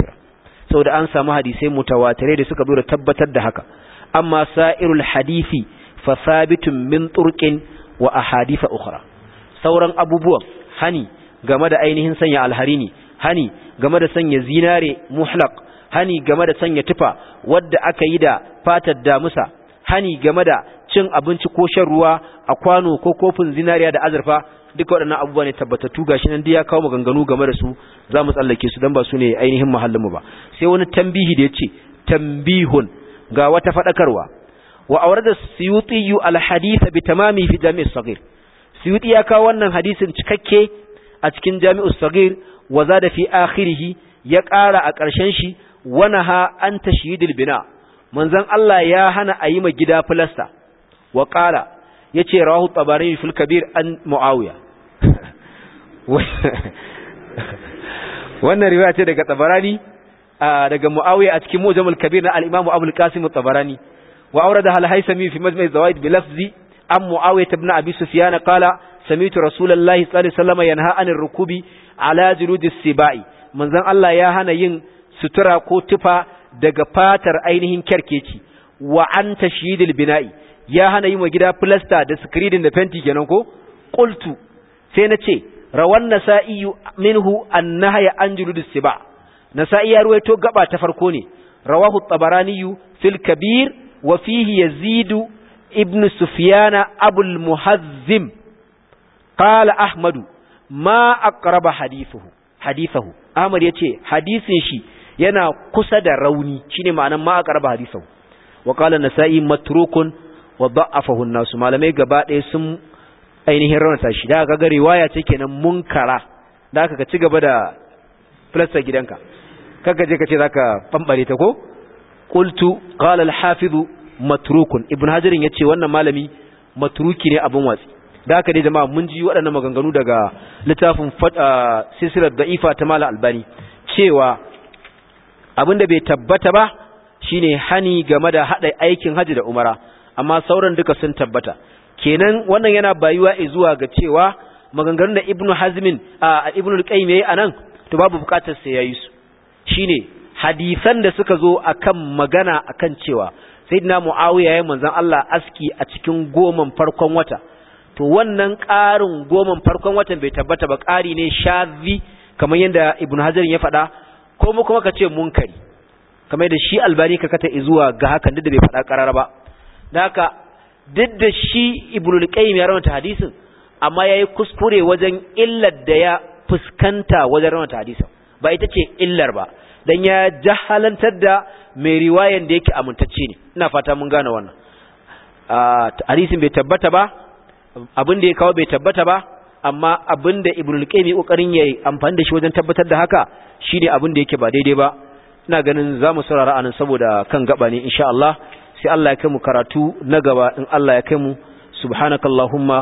saboda an samu hadisai mutawatirai da suka zo da tabbatar da haka amma sa'irul hadisi fa thabitun min turqin wa ahadith ukhra sauran abubuwan hani game da ainihin sanya alhari ne hani game da sanya zinare muhlaq hani game da sanya tufa wadda aka yi da fatar damusa hani game da cin abinci ko shan ruwa a kwano ko kofin zinariya da azurfa duka waɗannan abubuwa ne tabbatattu gashi nan dai ya kawo maganganu game da su za mu tsallake su dan ba su ne ainihin mahallinmu ba sai wani tambihi da ya ce tambihun ga wata faɗakarwa wa aurada suyuti yu alhadisa bi tamami fi jami'is sagir suyuti ya kawo wannan hadisin cikakke a cikin jami'u sagir wa zada fi akhirih ya ƙara a ƙarshen shi ha an tashyidil bina manzan Allah ya hana a yi ma gida filasta wa ƙara ce rawahu tabarani fil an muawiya wannan riwaya ce daga tabarani daga muawiya a cikin mujamul kabir na al-imam abul qasim tabarani wa awrada al fi majma' zawaid bi lafzi an mu'awiyah ibn abi sufyan qala sami'tu rasulullahi sallallahu alaihi wasallam yanha anir rukubi ala juludis sibai manzon Allah ya hana yin sutura ko tufa daga fatar ainihin kerkeci wa an tashyidil bina'i ya hana yin wa gida plaster da sikirin, da fenti kenan ko qultu sai nace rawan nasa'i minhu annahaya an juludis siba nasa'i ya ruwaito gaba ta farko ne rawahu tabarani fil kabir wa fihi yazidu ابن Sufiyana ابو المحزم قال احمد ما اقرب حديثه حديثه احمد يتي حديثن شي yana kusa da rauni shine ma'anan ma aqrab hadithu wa qala an-nasa'i matrukun wa da'afahu an-nas malamai gaba daya sun ainihin rawan ta shi da ga ga ce kenan munkara da ka ga cigaba da plaster gidanka kaga je ka ce zaka pambare ta ko qultu qala al-hafidh matrukun ibn hajarin ya ce wannan malami matruki ne abin watsi da haka dai jama'a mun ji waɗannan maganganu daga littafin silsilar da'ifa ta mala albani cewa abin da bai tabbata ba shine hani game da haɗa aikin haji da umara amma sauran duka sun tabbata kenan wannan yana bayuwa zuwa ga cewa maganganun da Ibn hazmin a Ibn al-qayyim yayi anan to babu bukatar sai yayi su shine hadisan da suka zo akan magana akan cewa sayyidina muawiya ya manzon Allah aski a cikin goman farkon wata to wannan ƙarin goman farkon watan bai tabbata ba ƙari ne shazi kamar yadda ibn hajar ya faɗa ko mu kuma ka ce munkari kamar da shi albani ka kata zuwa ga hakan duk da bai faɗa ƙarara ba da haka duk da shi ibn al-qayyim ya rawaita hadisin amma yayi kuskure wajen illar da ya fuskanta wajen rawaita hadisin ba ita ce illar ba dan ya jahalantar da mai riwayan da yake amintacce ne ina fata mun gane wannan hadisin bai tabbata ba abin da ya kawo bai tabbata ba amma abin da ibnu al-qayyim kokarin yayi amfani da shi wajen tabbatar da haka shine abin da yake ba daidai ba ina ganin za zamu saurara anan saboda kan gaba ne insha Allah sai Allah ya kai mu karatu na gaba in Allah ya kai mu subhanakallahumma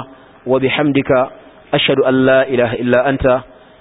wa bihamdika ashhadu an la ilaha illa anta